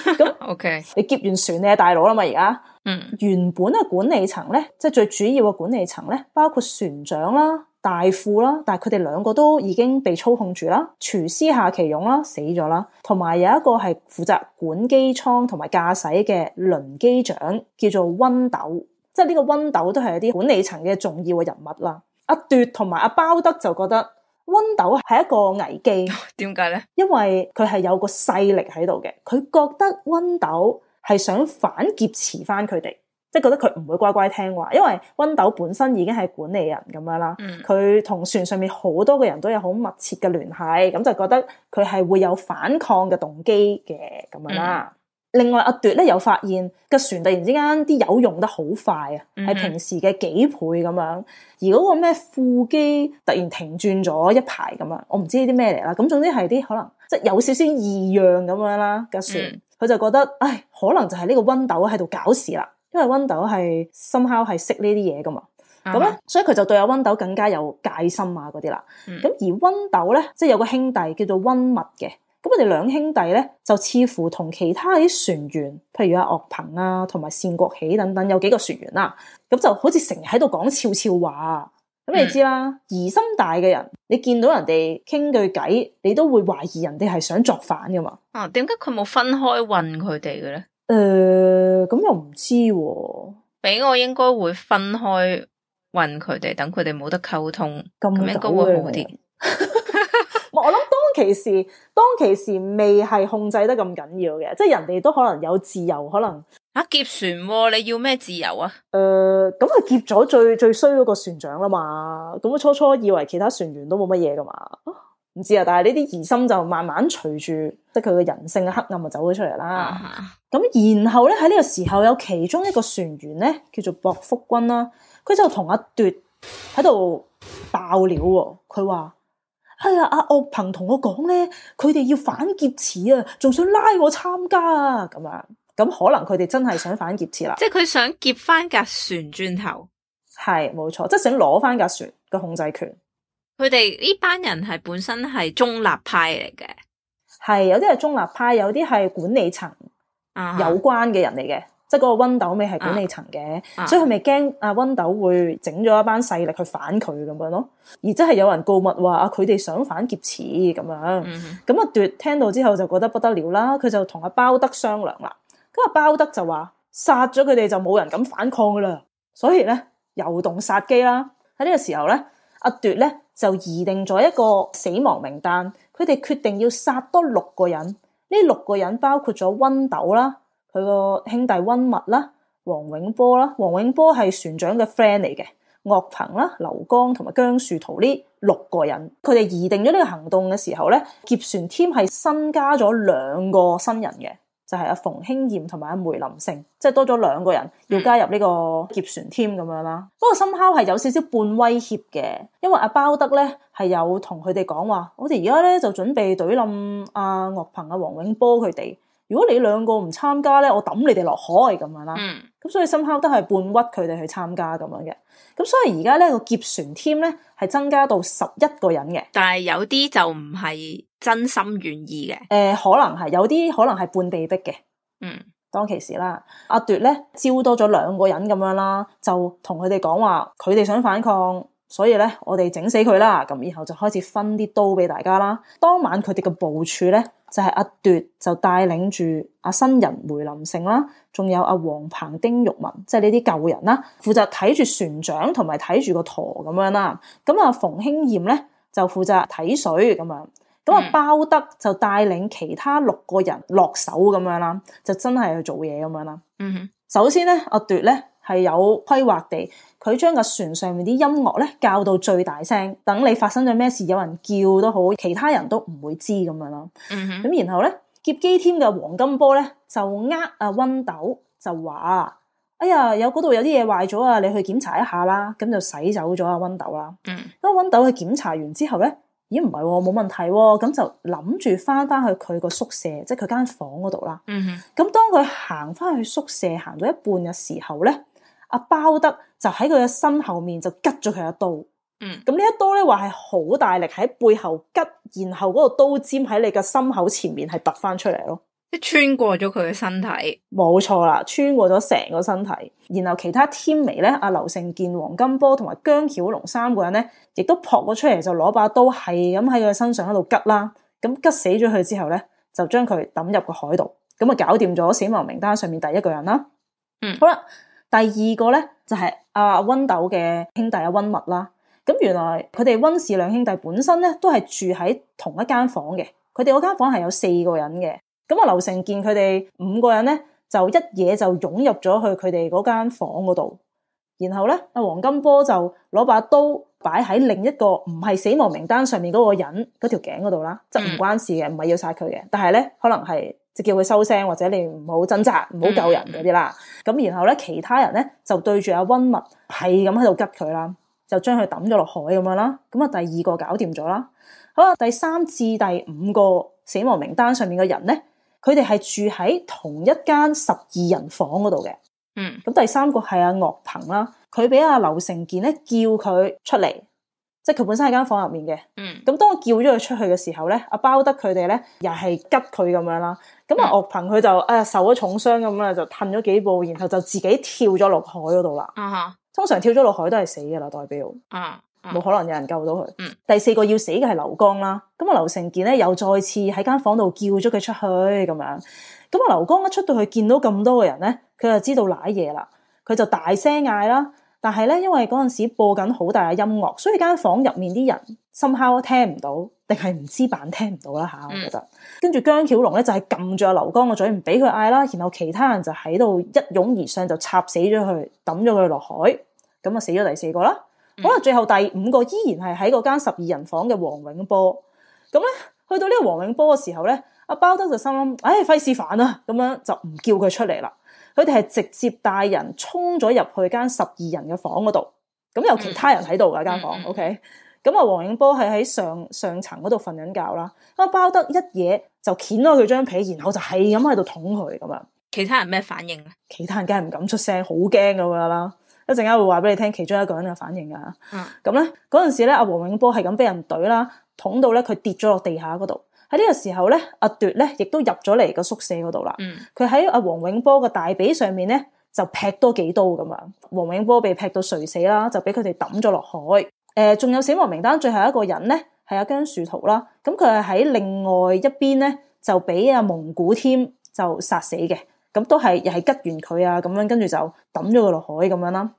咁，OK，你劫完船你係大佬啦嘛。而家，嗯，原本嘅管理層咧，即係最主要嘅管理層咧，包括船長啦。大富啦，但係佢哋兩個都已經被操控住啦。廚師夏其勇啦死咗啦，同埋有一個係負責管機艙同埋駕駛嘅輪機長叫做溫斗，即係呢個溫斗都係一啲管理層嘅重要嘅人物啦。阿奪同埋阿包德就覺得溫斗係一個危機，點解咧？因為佢係有個勢力喺度嘅，佢覺得溫斗係想反劫持翻佢哋。即係覺得佢唔會乖乖聽話，因為溫鬥本身已經係管理人咁樣啦，佢同、嗯、船上面好多個人都有好密切嘅聯繫，咁就覺得佢係會有反抗嘅動機嘅咁樣啦。嗯、另外阿奪咧又發現個船突然之間啲油用得好快啊，係、嗯、平時嘅幾倍咁樣，而嗰個咩副機突然停轉咗一排咁樣，我唔知呢啲咩嚟？啦。咁總之係啲可能即係、就是、有少少異樣咁樣啦，個船佢就覺得，唉，可能就係呢個溫鬥喺度搞事啦。因為溫斗係深海係識呢啲嘢噶嘛，咁咧，所以佢就對阿溫斗更加有戒心啊嗰啲啦。咁而溫斗咧，即係有個兄弟叫做溫密嘅，咁佢哋兩兄弟咧就似乎同其他啲船員，譬如阿岳鵬啊，同埋善國喜等等，有幾個船員啊，咁就好似成日喺度講悄悄話啊。咁你知啦，疑心大嘅人，你見到人哋傾句偈，你都會懷疑人哋係想作反噶嘛。啊，點解佢冇分開運佢哋嘅咧？.誒，咁、呃、又唔知喎、啊，俾我應該會分開問佢哋，等佢哋冇得溝通，咁應該會好啲。 我諗當其時，當其時未係控制得咁緊要嘅，即係人哋都可能有自由，可能啊劫船啊，你要咩自由啊？誒、呃，咁啊劫咗最最衰嗰個船長啦嘛，咁我初初以為其他船員都冇乜嘢噶嘛。唔知啊，但係呢啲疑心就慢慢隨住，即係佢嘅人性嘅黑暗就走咗出嚟啦。咁、啊、然後咧喺呢個時候，有其中一個船員咧，叫做博福軍啦，佢就同阿奪喺度爆料，佢話：，哎呀，阿岳鵬同我講咧，佢哋要反劫持啊，仲想拉我參加啊，咁啊，咁可能佢哋真係想反劫持啦。即係佢想劫翻架船轉頭，係冇錯，即係想攞翻架船嘅控制權。佢哋呢班人係本身係中立派嚟嘅，係有啲係中立派，有啲係管理層有關嘅人嚟嘅。啊、哈即係嗰個溫斗咪係管理層嘅，啊、所以佢咪驚阿溫斗會整咗一班勢力去反佢咁樣咯。而即係有人告密話啊，佢哋想反劫持咁樣，咁、嗯、哼阿奪聽到之後就覺得不得了啦，佢就同阿包德商量啦。咁阿包德就話殺咗佢哋就冇人敢反抗噶啦，所以咧又動殺機啦。喺呢個時候咧，阿奪咧，就擬定咗一個死亡名單，佢哋決定要殺多六個人。呢六個人包括咗温斗啦、佢個兄弟温密啦、黃永波啦。黃永波係船長嘅 friend 嚟嘅，岳鵬啦、劉江同埋姜樹桃呢六個人。佢哋擬定咗呢個行動嘅時候咧，劫船 team 係新加咗兩個新人嘅。就係阿馮興艷同埋阿梅林勝，即係多咗兩個人要加入呢個劫船 team 咁樣啦。不過 somehow 係有少少半威脅嘅，因為阿包德咧係有同佢哋講話，我哋而家咧就準備隊冧阿岳鵬、阿黃、啊、永波佢哋。如果你兩個唔參加咧，我抌你哋落海咁樣啦。咁、嗯、所以 somehow 都係半屈佢哋去參加咁樣嘅。咁所以而家咧個劫船 team 咧係增加到十一個人嘅。但係有啲就唔係。真心願意嘅誒、呃，可能係有啲可能係半被逼嘅，嗯，當其時啦。阿、啊、奪咧招多咗兩個人咁樣啦，就同佢哋講話，佢哋想反抗，所以咧我哋整死佢啦。咁然後就開始分啲刀俾大家啦。當晚佢哋嘅部署咧，就係、是、阿、啊、奪就帶領住阿、啊、新人梅林成梅林勝啦，仲有阿、啊、黃鵬、丁玉文，即係呢啲舊人啦，負責睇住船長同埋睇住個舵咁樣啦。咁啊，馮興艷咧就負責睇水咁樣。咁啊，嗯、包德就帶領其他六個人落手咁樣啦，就真係去做嘢咁樣啦。嗯哼，首先咧，阿奪咧係有規劃地，佢將個船上面啲音樂咧較到最大聲，等你發生咗咩事，有人叫都好，其他人都唔會知咁樣啦。嗯哼，咁然後咧劫機添嘅黃金波咧就呃阿溫斗，就話：哎呀，有嗰度有啲嘢壞咗啊，你去檢查一下啦。咁就洗走咗阿溫斗啦。嗯，咁溫斗去檢查完之後咧，咦唔係喎，冇、哦、問題喎、哦，咁就諗住翻返去佢個宿舍，即係佢間房嗰度啦。咁、嗯、哼當佢行翻去宿舍，行咗一半嘅時候咧，阿、啊、包德就喺佢嘅身後面就拮咗佢一刀。咁呢一刀咧話係好大力喺背後拮，然後嗰個刀尖喺你嘅心口前面係拔翻出嚟咯。即穿過咗佢嘅身體，冇錯啦，穿過咗成個身體。然後其他天雷咧，阿劉成健、黃金波同埋姜曉龍三個人咧，亦都撲咗出嚟，就攞把刀係咁喺佢身上喺度吉啦。咁、啊、吉死咗佢之後咧，就將佢抌入個海度，咁啊搞掂咗死亡名單上面第一個人啦。嗯，好啦，第二個咧就係阿溫斗嘅兄弟阿溫物啦。咁、啊、原來佢哋溫氏兩兄弟本身咧都係住喺同一間房嘅，佢哋嗰間房係有四個人嘅。咁啊，劉成健佢哋五個人咧，就一嘢就湧入咗去佢哋嗰間房嗰度，然後咧啊，黃金波就攞把刀擺喺另一個唔係死亡名單上面嗰個人嗰條頸嗰度啦，即係唔關事嘅，唔係要殺佢嘅，但係咧可能係即叫佢收聲，或者你唔好掙扎，唔好救人嗰啲啦。咁然後咧，其他人咧就對住阿温密係咁喺度拮佢啦，就將佢抌咗落海咁樣啦。咁啊，第二個搞掂咗啦。好啦，第三至第五個死亡名單上面嘅人咧。佢哋係住喺同一間十二人房嗰度嘅，嗯，咁第三個係阿、啊、岳鵬啦，佢俾阿劉成健咧叫佢出嚟，即係佢本身喺間房入面嘅，嗯，咁當我叫咗佢出去嘅時候咧，阿、啊、包德佢哋咧又係急佢咁樣啦，咁阿岳鵬佢就誒、嗯哎、受咗重傷咁樣，就褪咗幾步，然後就自己跳咗落海嗰度啦，啊哈，通常跳咗落海都係死噶啦，代表，嗯、啊。冇可能有人救到佢。嗯、第四個要死嘅係劉江啦，咁啊劉成健咧又再次喺間房度叫咗佢出去咁樣，咁啊劉江一出到去見到咁多個人咧，佢就知道瀨嘢啦，佢就大聲嗌啦。但係咧，因為嗰陣時播緊好大嘅音樂，所以間房入面啲人，心深都聽唔到定係唔知扮聽唔到啦嚇、啊，我覺得。跟住、嗯、姜曉龍咧就係撳住阿劉江個嘴，唔俾佢嗌啦。然後其他人就喺度一擁而上，就插死咗佢，抌咗佢落海，咁啊死咗第四個啦。好啦，最後第五個依然係喺嗰間十二人房嘅黃永波，咁咧去到呢個黃永波嘅時候咧，阿包德就心諗：唉、哎，費事煩啦！咁樣就唔叫佢出嚟啦。佢哋係直接帶人衝咗入去間十二人嘅房嗰度，咁有其他人喺度嘅間房間。嗯、OK，咁啊，黃永波係喺上上層嗰度瞓緊覺啦。咁包德一嘢就掀開佢張被，然後就係咁喺度捅佢咁樣。其他人咩反應咧？其他人梗係唔敢出聲，好驚咁樣啦。一陣間會話俾你聽，其中一個人嘅反應噶吓。咁咧嗰陣時咧，阿黃永波係咁俾人懟啦，捅到咧佢跌咗落地下嗰度。喺呢個時候咧，阿奪咧亦都入咗嚟個宿舍嗰度啦。佢喺阿黃永波個大髀上面咧就劈多幾刀咁樣。黃永波被劈到垂死啦，就俾佢哋抌咗落海。誒、呃，仲有死亡名單最後一個人咧係阿姜樹圖啦。咁佢係喺另外一邊咧就俾阿蒙古添就殺死嘅。咁都係又係吉完佢啊，咁樣跟住就抌咗佢落海咁樣啦。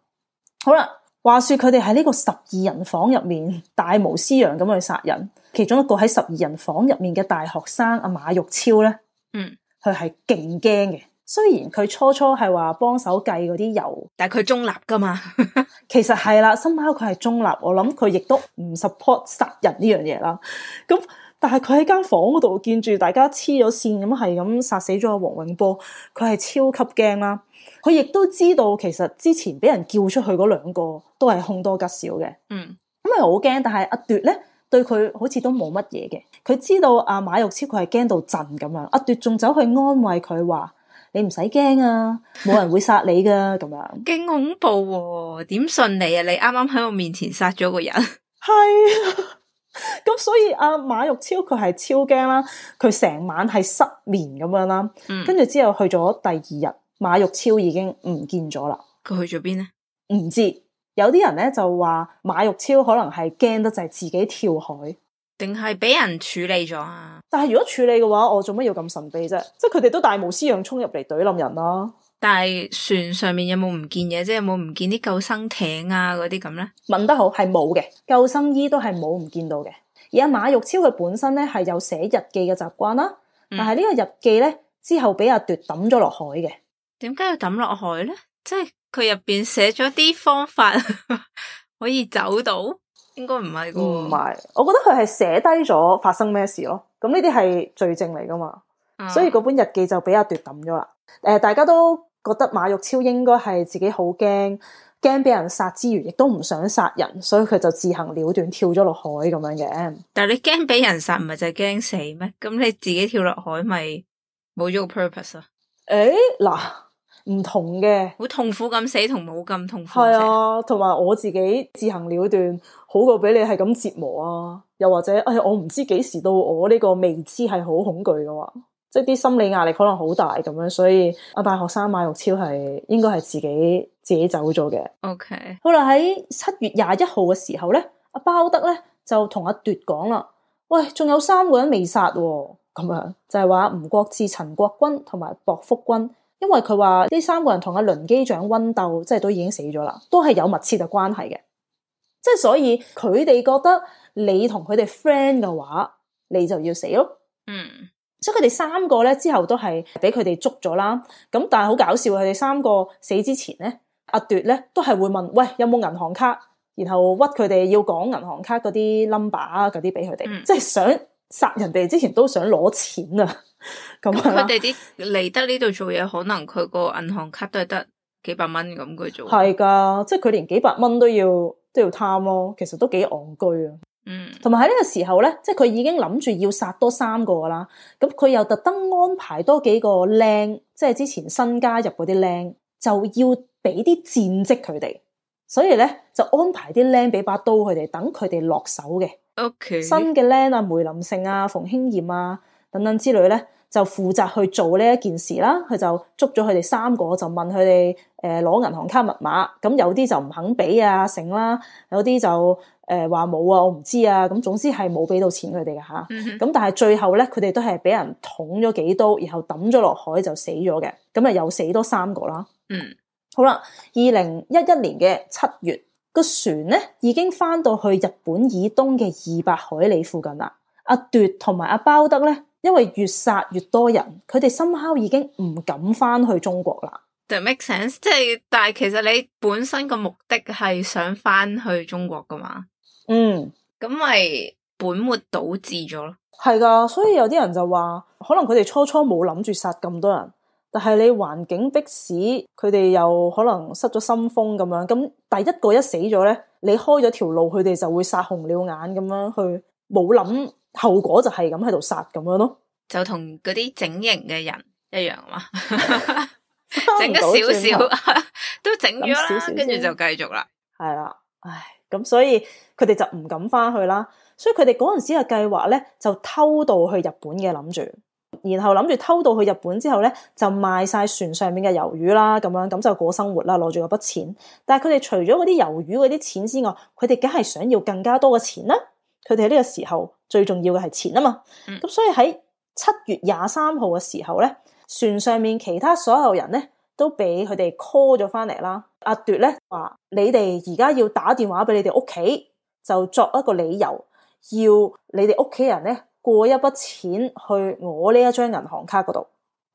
好啦，話說佢哋喺呢個十二人房入面大模斯樣咁去殺人，其中一個喺十二人房入面嘅大學生阿馬玉超咧，嗯，佢係勁驚嘅。雖然佢初初係話幫手計嗰啲油，但係佢中立噶嘛。 其實係啦，幸好佢係中立，我諗佢亦都唔 support 殺人呢樣嘢啦。咁但係佢喺間房嗰度見住大家黐咗線咁係咁殺死咗阿黃永波，佢係超級驚啦。佢亦都知道，其實之前俾人叫出去嗰兩個都係凶多吉少嘅。嗯，咁啊，好驚，但係阿奪咧對佢好似都冇乜嘢嘅。佢知道阿馬玉超佢係驚到震咁樣，阿奪仲走去安慰佢話：你唔使驚啊，冇人會殺你噶咁樣。勁 恐怖，啊，點信你啊？你啱啱喺我面前殺咗個人，係 啊。咁、嗯、 所以阿馬玉超佢係超驚啦，佢成晚係失眠咁樣啦。跟住之後去咗第二日。馬玉超已經唔見咗啦，佢去咗邊咧？唔知。有啲人咧就話馬玉超可能係驚得就係自己跳海，定係俾人處理咗啊？但係如果處理嘅話，我做乜要咁神秘啫？即係佢哋都大模廝樣衝入嚟懟冧人囉。但係船上面有冇唔見嘢？即係有冇唔見啲救生艇啊？嗰啲咁咧？問得好，係冇嘅。救生衣都係冇唔見到嘅。而家馬玉超佢本身咧係有寫日記嘅習慣啦，但係呢個日記咧之後俾阿奪抌咗落海嘅。點解要抌落海咧？即係佢入邊寫咗啲方法 可以走到，應該唔係噶。唔係、嗯，我覺得佢係寫低咗發生咩事咯。咁呢啲係罪證嚟噶嘛，嗯、所以嗰本日記就俾阿奪抌咗啦。誒、呃，大家都覺得馬玉超應該係自己好驚，驚俾人殺之餘，亦都唔想殺人，所以佢就自行了斷跳咗落海咁樣嘅。但係你驚俾人殺唔係就係驚死咩？咁你自己跳落海咪冇咗個 purpose 啊？誒、欸，嗱。唔同嘅，好痛苦咁死，同冇咁痛苦。係啊，同埋我自己自行了斷，好過俾你係咁折磨啊！又或者，哎，我唔知幾時到我，我、這、呢個未知係好恐懼嘅話，即係啲心理壓力可能好大咁樣。所以阿大學生馬玉超係應該係自己自己走咗嘅。OK，後來喺七月廿一號嘅時候咧，呢阿包德咧就同阿奪講啦，喂，仲有三個人未殺，啊，咁樣就係話吳國志、陳國軍同埋薄福軍。因為佢話呢三個人同阿輪機長温斗，即係都已經死咗啦，都係有密切嘅關係嘅。即係所以佢哋覺得你同佢哋 friend 嘅話，你就要死咯。嗯，所以佢哋三個咧之後都係俾佢哋捉咗啦。咁但係好搞笑，佢哋三個死之前咧，阿奪咧都係會問：喂，有冇銀行卡？然後屈佢哋要講銀行卡嗰啲 number 啊嗰啲俾佢哋，嗯、即係想。殺人哋之前都想攞錢啊，咁佢哋啲嚟得呢度做嘢， 可能佢個銀行卡都係得幾百蚊咁佢做係噶，即係佢連幾百蚊都要都要貪咯、哦。其實都幾戇居啊。嗯，同埋喺呢個時候咧，即係佢已經諗住要殺多三個啦。咁佢又特登安排多幾個靚，即係之前新加入嗰啲靚，就要俾啲戰績佢哋。所以咧就安排啲靚俾把刀佢哋，等佢哋落手嘅。OK，新嘅咧啊，梅林盛啊，馮興艷啊，等等之類咧，就負責去做呢一件事啦。佢就捉咗佢哋三個，就問佢哋誒攞銀行卡密碼。咁有啲就唔肯俾啊，成啦；有啲就誒話冇啊，我唔知啊。咁總之係冇俾到錢佢哋嘅吓。咁、啊 mm hmm. 但係最後咧，佢哋都係俾人捅咗幾刀，然後抌咗落海就死咗嘅。咁啊，又死多三個啦。嗯、mm，hmm. 好啦，二零一一年嘅七月。個船咧，已經翻到去日本以東嘅二百海里附近啦。阿奪同埋阿包德咧，因為越殺越多人，佢哋心口已經唔敢翻去中國啦。That make sense？即係但係其實你本身個目的係想翻去中國噶嘛？嗯，咁咪本末倒置咗咯。係噶，所以有啲人就話，可能佢哋初初冇諗住殺咁多人。但係你環境逼使佢哋又可能失咗心瘋咁樣，咁第一個一死咗咧，你開咗條路，佢哋就會殺紅了眼咁樣去冇諗後果就，就係咁喺度殺咁樣咯。就同嗰啲整形嘅人一樣嘛， 整咗少少都整咗啦，跟住小就繼續啦。係啦， 唉，咁所以佢哋就唔敢翻去啦。所以佢哋嗰陣時嘅計劃咧，就偷渡去日本嘅諗住。然後諗住偷渡去日本之後咧，就賣晒船上面嘅魷魚啦，咁樣咁就過生活啦，攞住嗰筆錢。但係佢哋除咗嗰啲魷魚嗰啲錢之外，佢哋梗係想要更加多嘅錢啦。佢哋喺呢個時候最重要嘅係錢啊嘛。咁、嗯、所以喺七月廿三號嘅時候咧，船上面其他所有人咧都俾佢哋 call 咗翻嚟啦。阿、啊、奪咧話：你哋而家要打電話俾你哋屋企，就作一個理由，要你哋屋企人咧。過一筆錢去我呢一張銀行卡嗰度，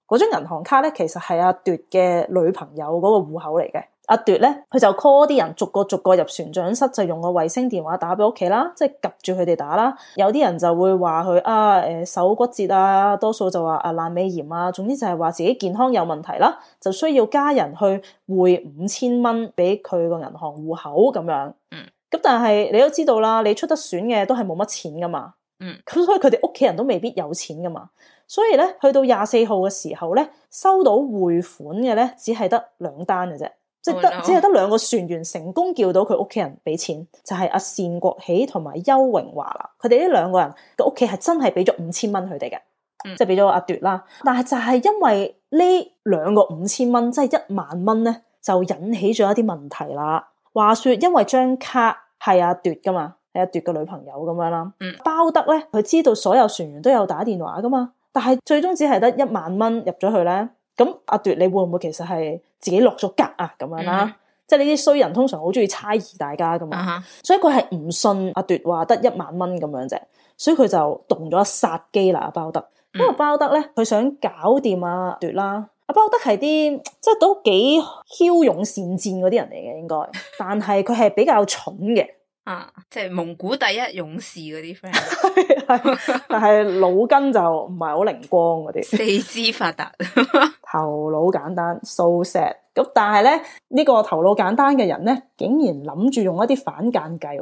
嗰張銀行卡咧其實係阿奪嘅女朋友嗰個戶口嚟嘅。阿奪咧，佢就 call 啲人逐個，逐個逐個入船長室，就用個衛星電話打俾屋企啦，即係及住佢哋打啦。有啲人就會話佢啊，誒、呃、手骨折啊，多數就話啊爛尾炎啊，總之就係話自己健康有問題啦，就需要家人去匯五千蚊俾佢個銀行戶口咁樣。嗯，咁但係你都知道啦，你出得選嘅都係冇乜錢噶嘛。嗯，咁所以佢哋屋企人都未必有錢噶嘛，所以咧，去到廿四號嘅時候咧，收到匯款嘅咧，只係得兩單嘅啫，即係得只有得兩個船員成功叫到佢屋企人俾錢，就係、是、阿單國喜同埋邱榮華啦。佢哋呢兩個人個屋企係真係俾咗五千蚊佢哋嘅，嗯、即係俾咗阿奪啦。但係就係因為兩、就是、呢兩個五千蚊，即係一萬蚊咧，就引起咗一啲問題啦。話說因為張卡係阿奪噶嘛。阿奪嘅女朋友咁樣啦，包、嗯、德咧，佢知道所有船員都有打電話噶嘛，但係最終只係得一萬蚊入咗去咧。咁阿奪，啊、你會唔會其實係自己落咗格啊？咁樣啦，嗯、即係呢啲衰人通常好中意猜疑大家咁嘛、啊哈所，所以佢係唔信阿奪話得一萬蚊咁樣啫，所以佢就動咗殺機、嗯啊、啦。包德，不過包德咧，佢想搞掂阿奪啦。阿包德係啲即係都幾驍勇善戰嗰啲人嚟嘅，應該， 但係佢係比較蠢嘅。啊！即係蒙古第一勇士嗰啲 friend，但係腦筋就唔係好靈光嗰啲， 四肢發達， 頭腦簡單，so sad 咁。 so、但係咧呢、呢個頭腦簡單嘅人咧，竟然諗住用一啲反間計。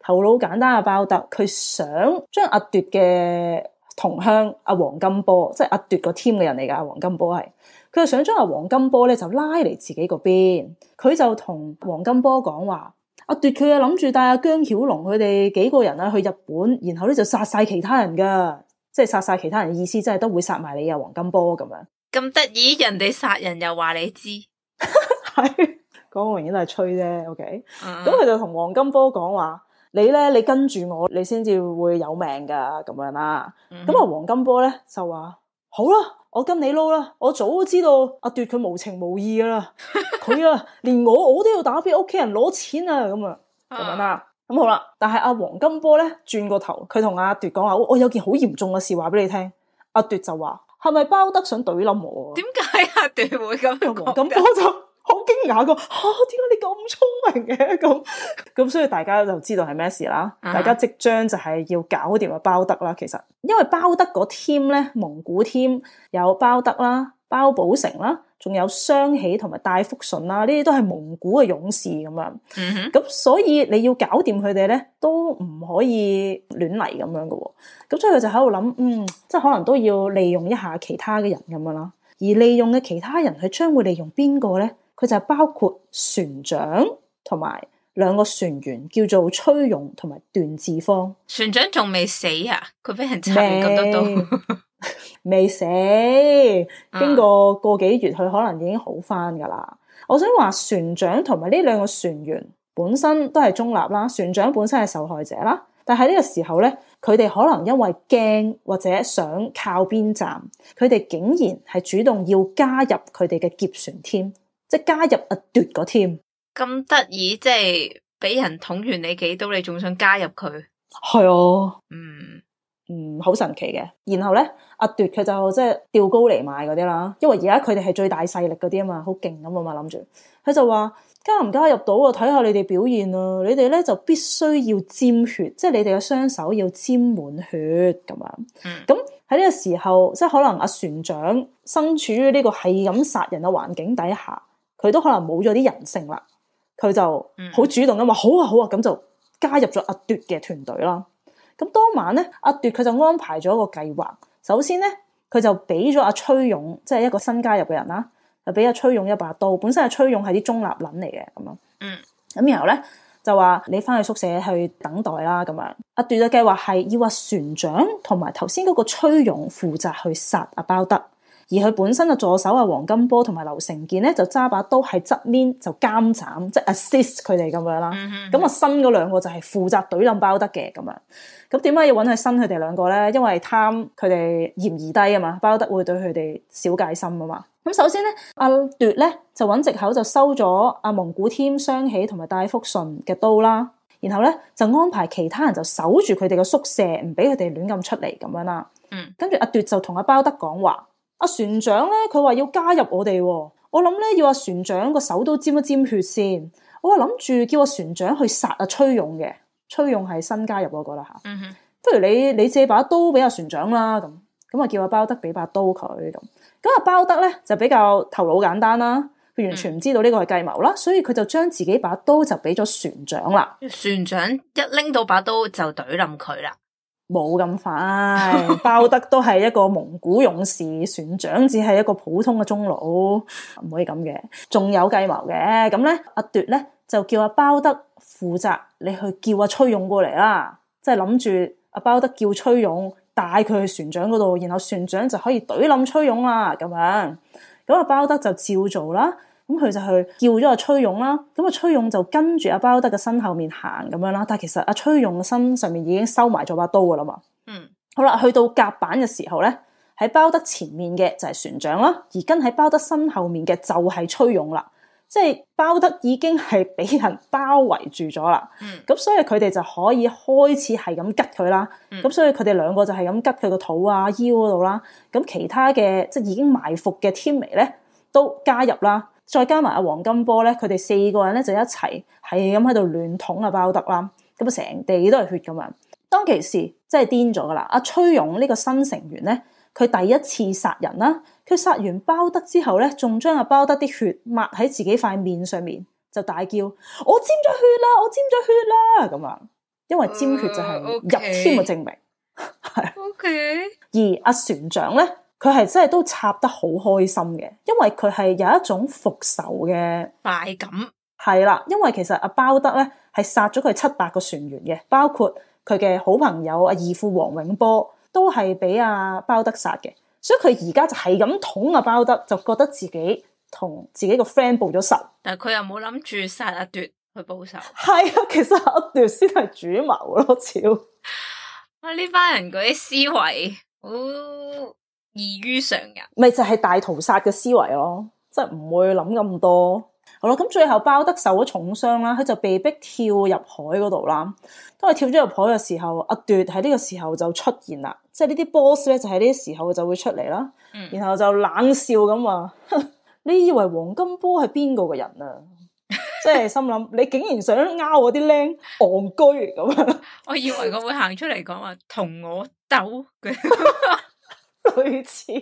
頭腦簡單阿包特，佢想將阿奪嘅同鄉阿黃金波，即係阿奪個 team 嘅人嚟噶，啊、黃金波係佢就想將阿黃金波咧就拉嚟自己嗰邊，佢就同黃金波講話。阿奪佢啊諗住帶阿帶姜曉龍佢哋幾個人啊去日本，然後咧就殺晒其他人噶，即係殺晒其他人意思，即係都會殺埋你啊！黃金波咁樣咁得意，人哋殺人又話你知，係講嘅原因都係吹啫。OK，咁佢、嗯嗯、就同黃金波講話：你咧，你跟住我，你先至會有命噶咁樣啦。咁啊、嗯嗯，黃金波咧就話好啦。我跟你撈啦，我早都知道阿奪佢無情無義噶啦，佢 啊連我我都要打俾屋企人攞錢啊咁啊，係咪啊？咁、嗯、好啦，但係阿、啊、黃金波咧轉個頭，佢同阿奪講話，我有件好嚴重嘅事話俾你聽。阿奪就話係咪包德想懟冧我？點解阿奪會咁講、啊？咁波就…… 好驚訝㗎，吓、啊！點解你咁聰明嘅咁咁？所以大家就知道係咩事啦。啊、大家即將就係要搞掂阿包德啦。其實因為包德嗰 team 咧，蒙古 team 有包德啦、包寶成啦，仲有雙喜同埋大福順啦，呢啲都係蒙古嘅勇士咁樣。嗯哼，咁所以你要搞掂佢哋咧，都唔可以亂嚟咁樣嘅。咁所以佢就喺度諗，嗯，即係可能都要利用一下其他嘅人咁樣啦。而利用嘅其他人，佢將會利用邊個咧？佢就係包括船長同埋兩個船員，叫做崔勇同埋段志芳。船長仲未死啊？佢俾人命，未死。經過個幾月，佢可能已經好翻噶啦。嗯、我想話船長同埋呢兩個船員本身都係中立啦，船長本身係受害者啦。但係呢個時候咧，佢哋可能因為驚或者想靠邊站，佢哋竟然係主動要加入佢哋嘅劫船添。即係加入阿奪個 team，咁得意，即係俾人捅完你幾刀，你仲想加入佢？係啊，嗯嗯，好神奇嘅。然後咧，阿奪佢就即係吊高嚟賣嗰啲啦，因為而家佢哋係最大勢力嗰啲啊嘛，好勁咁啊嘛，諗住佢就話加唔加入到啊？睇下你哋表現啊！你哋咧就必須要沾血，即係你哋嘅雙手要沾滿血咁樣。嗯。咁喺呢個時候，即係可能阿船長身處於呢個係咁殺人嘅環境底下。佢都可能冇咗啲人性啦，佢就好主動咁話好啊好啊，咁、啊、就加入咗阿奪嘅團隊啦。咁當晚咧，阿奪佢就安排咗一個計劃。首先咧，佢就俾咗阿崔勇，即、就、係、是、一個新加入嘅人啦，就俾阿崔勇一把刀。本身阿崔勇係啲中立諗嚟嘅，咁樣。嗯，咁然後咧就話你翻去宿舍去等待啦，咁樣。阿奪嘅計劃係要阿船長同埋頭先嗰個崔勇負責去殺阿包德。而佢本身嘅助手啊，黃金波同埋劉成健咧，就揸把刀喺側面就監斬，即、就、係、是、assist 佢哋咁樣啦。咁啊、嗯，新嗰兩個就係負責隊冧包德嘅咁樣。咁點解要揾佢新佢哋兩個咧？因為貪佢哋嫌疑低啊嘛，包德會對佢哋小戒心啊嘛。咁首先咧，阿、啊、奪咧就揾藉口就收咗阿蒙古添、雙喜同埋戴福順嘅刀啦，然後咧就安排其他人就守住佢哋嘅宿舍，唔俾佢哋亂咁出嚟咁樣啦。嗯，跟住阿、啊、奪就同阿、啊、包德講話。阿船長咧，佢話要加入我哋，哦，我諗咧要阿船長個手都沾一沾血先。我話諗住叫阿船長去殺阿、啊、崔勇嘅，崔勇係新加入嗰個啦吓。嗯、哼不如你你借把刀俾阿船長啦，咁咁啊叫阿包德俾把刀佢咁。咁阿包德咧就比較頭腦簡單啦，佢完全唔知道呢個係計謀啦，嗯、所以佢就將自己把刀就俾咗船長啦。船長一拎到把刀就懟冧佢啦。冇咁快，包德都係一個蒙古勇士，船長只係一個普通嘅中佬，唔可以咁嘅。仲有計謀嘅，咁咧阿奪咧就叫阿包德負責，你去叫阿、啊、崔勇過嚟啦，即係諗住阿包德叫崔勇帶佢去船長嗰度，然後船長就可以懟冧崔勇啦，咁樣，咁阿包德就照做啦。咁佢就去叫咗阿崔勇啦，咁阿崔勇就跟住阿、啊、包德嘅身後面行咁樣啦。但係其實阿、啊、崔勇嘅身上面已經收埋咗把刀噶啦嘛。嗯，好啦，去到甲板嘅時候咧，喺包德前面嘅就係船長啦，而跟喺包德身後面嘅就係崔勇啦。即係包德已經係俾人包圍住咗啦。嗯，咁所以佢哋就可以開始係咁吉佢啦。咁、嗯、所以佢哋兩個就係咁吉佢個肚、啊腰嗰度啦。咁其他嘅即係已經埋伏嘅天眉咧，都加入啦。再加埋阿黃金波咧，佢哋四個人咧就一齊係咁喺度亂捅阿包德啦，咁啊成地都係血咁樣。當其時真係癲咗噶啦，阿、啊、崔勇呢個新成員咧，佢第一次殺人啦，佢殺完包德之後咧，仲將阿包德啲血抹喺自己塊面上面，就大叫：我沾咗血啦，我沾咗血啦咁樣！因為沾血就係入天嘅證明，係。O K。而阿、啊、船長咧？佢係真係都插得好開心嘅，因為佢係有一種復仇嘅快感。係啦，因為其實阿、啊、包德咧係殺咗佢七八個船員嘅，包括佢嘅好朋友阿二父黃永波都係俾阿包德殺嘅，所以佢而家就係咁捅阿包德，就覺得自己同自己個 friend 報咗仇。但係佢又冇諗住殺阿奪去報仇。係啊，其實阿奪先係主謀咯，超啊！呢班人嗰啲思維，嗚、哦。.異於常人，咪就係大屠殺嘅思維咯，即係唔會諗咁多。好啦，咁最後包德受咗重傷啦，佢就被逼跳入海嗰度啦。當佢跳咗入海嘅時候，阿奪喺呢個時候就出現啦，即係呢啲 boss 咧就喺呢啲時候就會出嚟啦。嗯、然後就冷笑咁話，你以為黃金波係邊個嘅人啊？ 即係心諗你竟然想拗我啲僆戇居咁樣。我以為佢會行出嚟講話同我鬥嘅。 類似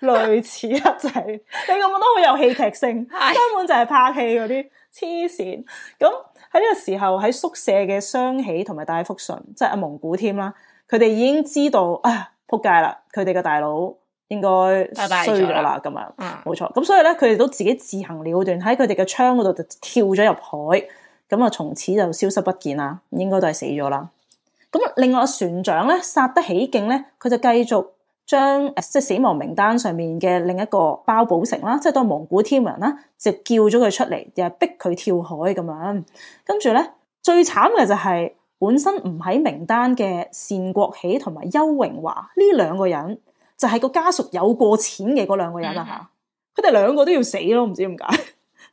類似啊，就係 你咁樣都好有戲劇性， 根本就係拍戲嗰啲黐線咁。喺呢個時候喺宿舍嘅雙喜同埋戴福順，即係阿蒙古添啦，佢哋已經知道啊，撲街啦！佢哋嘅大佬應該衰咗啦，咁啊冇錯咁，所以咧佢哋都自己自行了斷，喺佢哋嘅窗嗰度就跳咗入海，咁啊從此就消失不見啦，應該都係死咗啦。咁另外船長咧殺得起勁咧，佢就繼續。將即死亡名單上面嘅另一個包寶成啦，即係當是蒙古 team 嘅人啦，就叫咗佢出嚟，又係逼佢跳海咁樣。跟住咧，最慘嘅就係、是、本身唔喺名單嘅單國喜同埋邱榮華呢兩個人，就係、是、個家屬有過錢嘅嗰兩個人啦吓。佢哋、嗯、兩個都要死咯，唔知點解，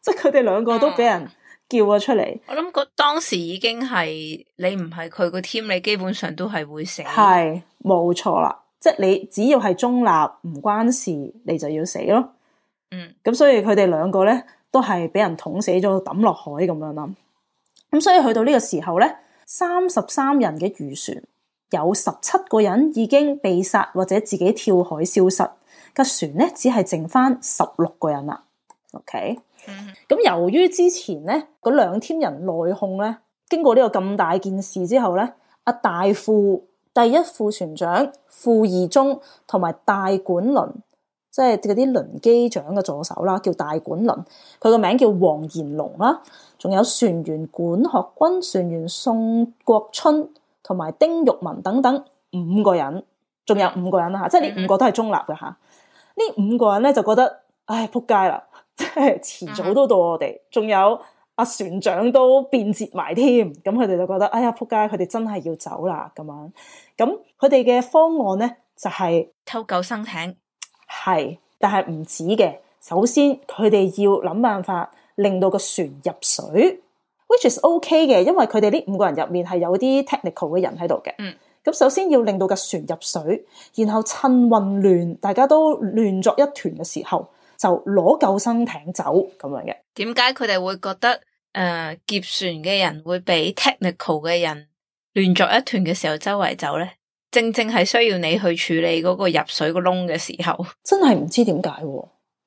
即係佢哋兩個都俾人叫咗出嚟、嗯。我諗個當時已經係你唔係佢個 team，你基本上都係會死。係冇錯啦。即係你只要係中立唔關事，你就要死咯。嗯，咁所以佢哋兩個咧都係俾人捅死咗，抌落海咁樣啦。咁所以去到呢個時候咧，三十三人嘅漁船有十七個人已經被殺或者自己跳海消失，個船咧只係剩翻十六個人啦。OK，咁由於之前咧嗰兩天人內訌咧，經過呢個咁大件事之後咧，阿、啊、大富。第一副船長、副二中同埋大管輪，即係嗰啲輪機長嘅助手啦，叫大管輪，佢個名叫黃延龍啦。仲有船員管學軍、船員宋國春同埋丁玉文等等五個人，仲有五個人啦吓，即係呢五個都係中立嘅吓。呢五個人咧就覺得，唉，扑街啦，即 係遲早都到我哋。仲有。阿船長變節都變節埋添，咁佢哋就覺得，哎呀仆街，佢哋真係要走啦咁樣。咁佢哋嘅方案咧就係、是、偷救生艇，係，但係唔止嘅。首先佢哋要諗辦法令到個船入水，which is OK 嘅，因為佢哋呢五個人入面係有啲 technical 嘅人喺度嘅。嗯，咁首先要令到個船入水，然後趁混亂，大家都亂作一團嘅時候。就攞救生艇走咁樣嘅。點解佢哋會覺得誒、呃、劫船嘅人會俾 technical 嘅人亂作一團嘅時候周圍走咧？正正係需要你去處理嗰個入水個窿嘅時候， 真係唔知點解、啊。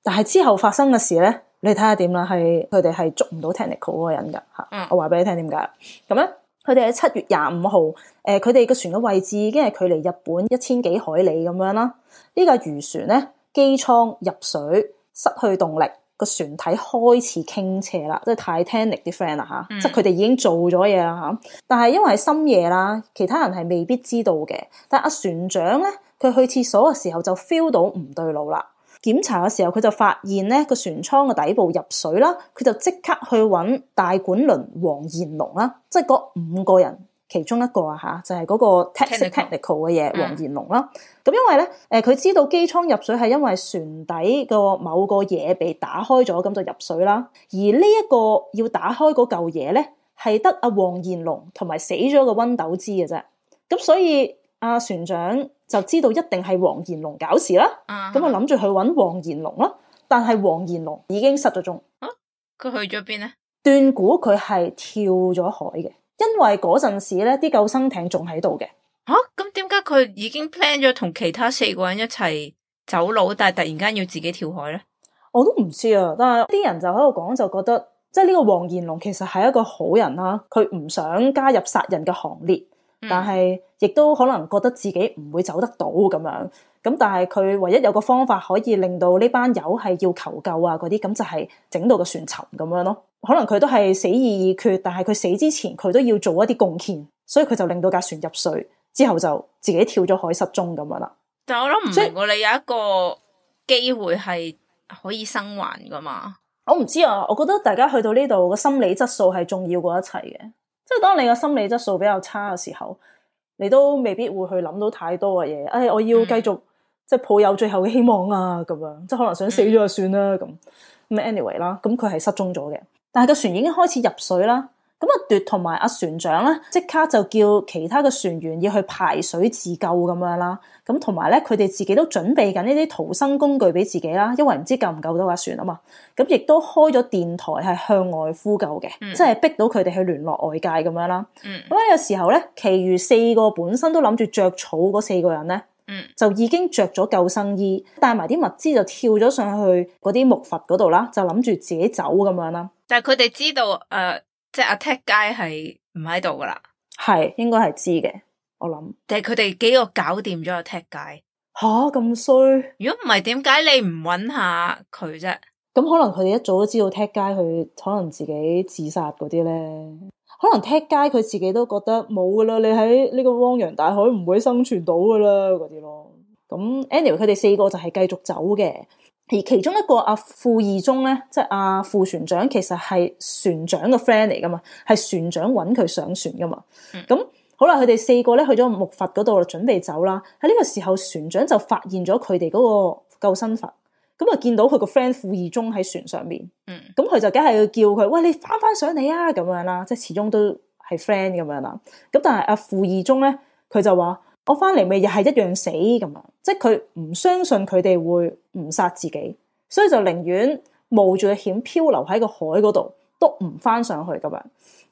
但係之後發生嘅事咧，你睇下點啦。係佢哋係捉唔到 technical 嗰個人噶吓。嗯、我話俾你聽點解咁咧？佢哋喺七月廿五號誒，佢哋個船嘅位置已經係距離日本一千幾海里咁樣啦。呢、呢個漁船咧機艙入水，失去動力，個船體開始傾斜啦，即係 Titanic 啲 friend 啦吓，嗯、即係佢哋已經做咗嘢啦嚇。但係因為係深夜啦，其他人係未必知道嘅。但阿船長咧，佢去廁所嘅時候就 feel 到唔對路啦。檢查嘅時候，佢就發現咧個船艙嘅底部入水啦，佢就即刻去揾大管輪黃炎龍啦，即係嗰五個人。其中一個啊吓，就係、是、嗰個 techn technical 嘅嘢，黃彥龍啦。咁、嗯啊、因為咧，誒、呃、佢知道機艙入水係因為船底個某個嘢被打開咗，咁就入水啦。而呢一個要打開嗰嚿嘢咧，係得阿黃彥龍同埋死咗個溫斗枝嘅啫。咁、啊、所以阿、啊、船長就知道一定係黃彥龍搞事啦。咁我諗住去揾黃彥龍啦，但係黃彥龍已經失咗蹤。佢、啊、去咗邊咧？斷估佢係跳咗海嘅。因為嗰陣時咧，啲救生艇仲喺度嘅。吓、啊，咁點解佢已經 plan 咗同其他四個人一齊走佬，但係突然間要自己跳海咧？我都唔知啊。但係啲人就喺度講，就覺得即係呢個黃彥龍其實係一個好人啦、啊。佢唔想加入殺人嘅行列，嗯、但係亦都可能覺得自己唔會走得到咁樣。咁但係佢唯一有一個方法可以令到呢班友係要求救啊，嗰啲咁就係整到個船沉咁樣咯。可能佢都係死意已決，但係佢死之前佢都要做一啲貢獻，所以佢就令到架船入水之後就自己跳咗海失蹤咁樣啦。但係我諗唔明以，你有一個機會係可以生還噶嘛？我唔知啊，我覺得大家去到呢度個心理質素係重要過一切嘅，即係當你嘅心理質素比較差嘅時候，你都未必會去諗到太多嘅嘢。哎，我要繼續、嗯、即係抱有最後嘅希望啊咁樣，即係可能想死咗就算啦咁。咁、嗯、Anyway 啦，咁佢係失蹤咗嘅。但係個船已經開始入水啦，咁阿奪同埋阿船長咧，即刻就叫其他嘅船員要去排水自救咁樣啦。咁同埋咧，佢哋自己都準備緊呢啲逃生工具俾自己啦，因為唔知救唔救到阿船啊嘛。咁亦都開咗電台係向外呼救嘅，嗯、即係逼到佢哋去聯絡外界咁樣啦。咁啊、嗯，有時候咧，其餘四個本身都諗住着、着草嗰四個人咧，嗯，就已經着咗救生衣，帶埋啲物資就跳咗上去嗰啲木筏嗰度啦，就諗住自己走咁樣啦。但係佢哋知道誒、呃，即係阿踢街係唔喺度噶啦，係應該係知嘅，我諗。但係佢哋幾個搞掂咗阿踢街，吓咁衰？如果唔係，點解你唔揾下佢啫？咁可能佢哋一早都知道踢街，佢可能自己自殺嗰啲咧。可能踢街佢自己都覺得冇噶啦，你喺呢個汪洋大海唔會生存到噶啦嗰啲咯。咁 anyway 佢哋四個就係繼續走嘅，而其中一個阿、啊、副二中咧，即係、啊、阿副船長，其實係船長嘅 friend 嚟噶嘛，係船長揾佢上船噶嘛。咁好啦，佢哋四個咧去咗木筏嗰度準備走啦。喺呢個時候，船長就發現咗佢哋嗰個救生筏。咁、嗯、啊！見到佢個 friend 傅二中喺船上面，咁佢就梗係要叫佢喂，你翻翻上嚟啊！咁樣啦，即係始終都係 friend 咁樣啦。咁但係阿傅二中咧，佢就話：我翻嚟咪又係一樣死咁樣，即係佢唔相信佢哋會唔殺自己，所以就寧願冒住個險漂流喺個海嗰度，都唔翻上去咁樣。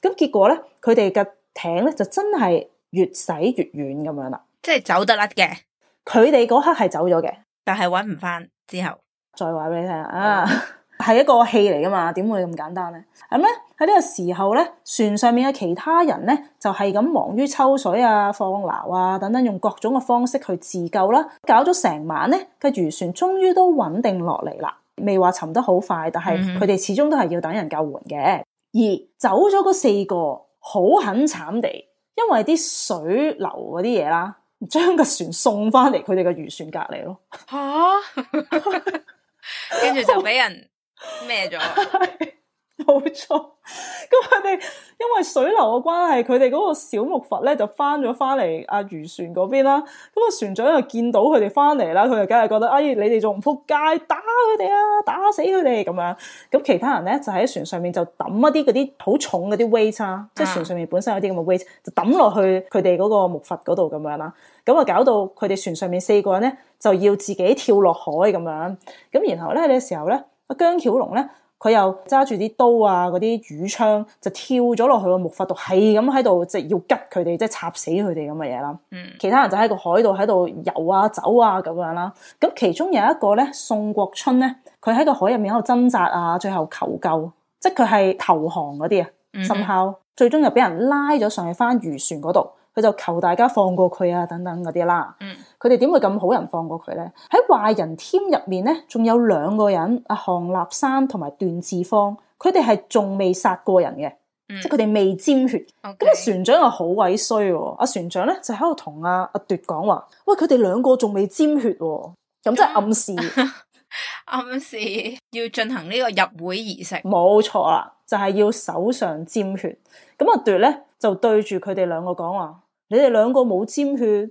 咁結果咧，佢哋嘅艇咧就真係越駛越遠咁樣啦。即係走得甩嘅，佢哋嗰刻係走咗嘅，但係揾唔翻之後。再話俾你聽啊，係一個戲嚟㗎嘛？點會咁簡單咧？咁咧喺呢個時候咧，船上面嘅其他人咧，就係咁忙於抽水啊、放鰾啊等等，用各種嘅方式去自救啦。搞咗成晚咧，個漁船終於都穩定落嚟啦。未話沉得好快，但係佢哋始終都係要等人救援嘅。嗯、而走咗嗰四個，好很慘地，因為啲水流嗰啲嘢啦，將個船送翻嚟佢哋嘅漁船隔籬咯。嚇、啊！ 跟住就俾人孭咗。冇錯，咁佢哋因為水流嘅關係，佢哋嗰個小木筏咧就翻咗翻嚟阿漁船嗰邊啦。咁啊，船長又見到佢哋翻嚟啦，佢就梗係覺得：哎，你哋仲唔仆街？打佢哋啊，打死佢哋咁樣。咁其他人咧就喺船上面就抌一啲嗰啲好重嗰啲 weight 啊，即係船上面本身有啲咁嘅 weight，就抌落去佢哋嗰個木筏嗰度咁樣啦。咁啊，搞到佢哋船上面四個人咧就要自己跳落海咁樣。咁然後咧你時候咧，阿姜曉龍咧。佢又揸住啲刀啊，嗰啲魚槍就跳咗落去個木筏度，係咁喺度即係要刉佢哋，即係插死佢哋咁嘅嘢啦。嗯、其他人就喺個海度喺度游啊、走啊咁樣啦。咁其中有一個咧，宋國春咧，佢喺個海入面喺度掙扎啊，最後求救，即係佢係投降嗰啲啊，甚至最終就俾人拉咗上去翻漁船嗰度，佢就求大家放過佢啊，等等嗰啲啦。嗯佢哋點會咁好人放過佢咧？喺壞人 team 入面咧，仲有兩個人，阿韓立山同埋段志芳，佢哋係仲未殺過人嘅，嗯、即係佢哋未沾血。咁 Okay. 啊，船長又好鬼衰，阿船長咧就喺度同阿阿奪講話：，喂，佢哋兩個仲未沾血，啊，咁即係暗示 暗示要進行呢個入會儀式。冇錯啦，就係、是、要手上沾血。咁阿奪咧就對住佢哋兩個講話：，你哋兩個冇沾血。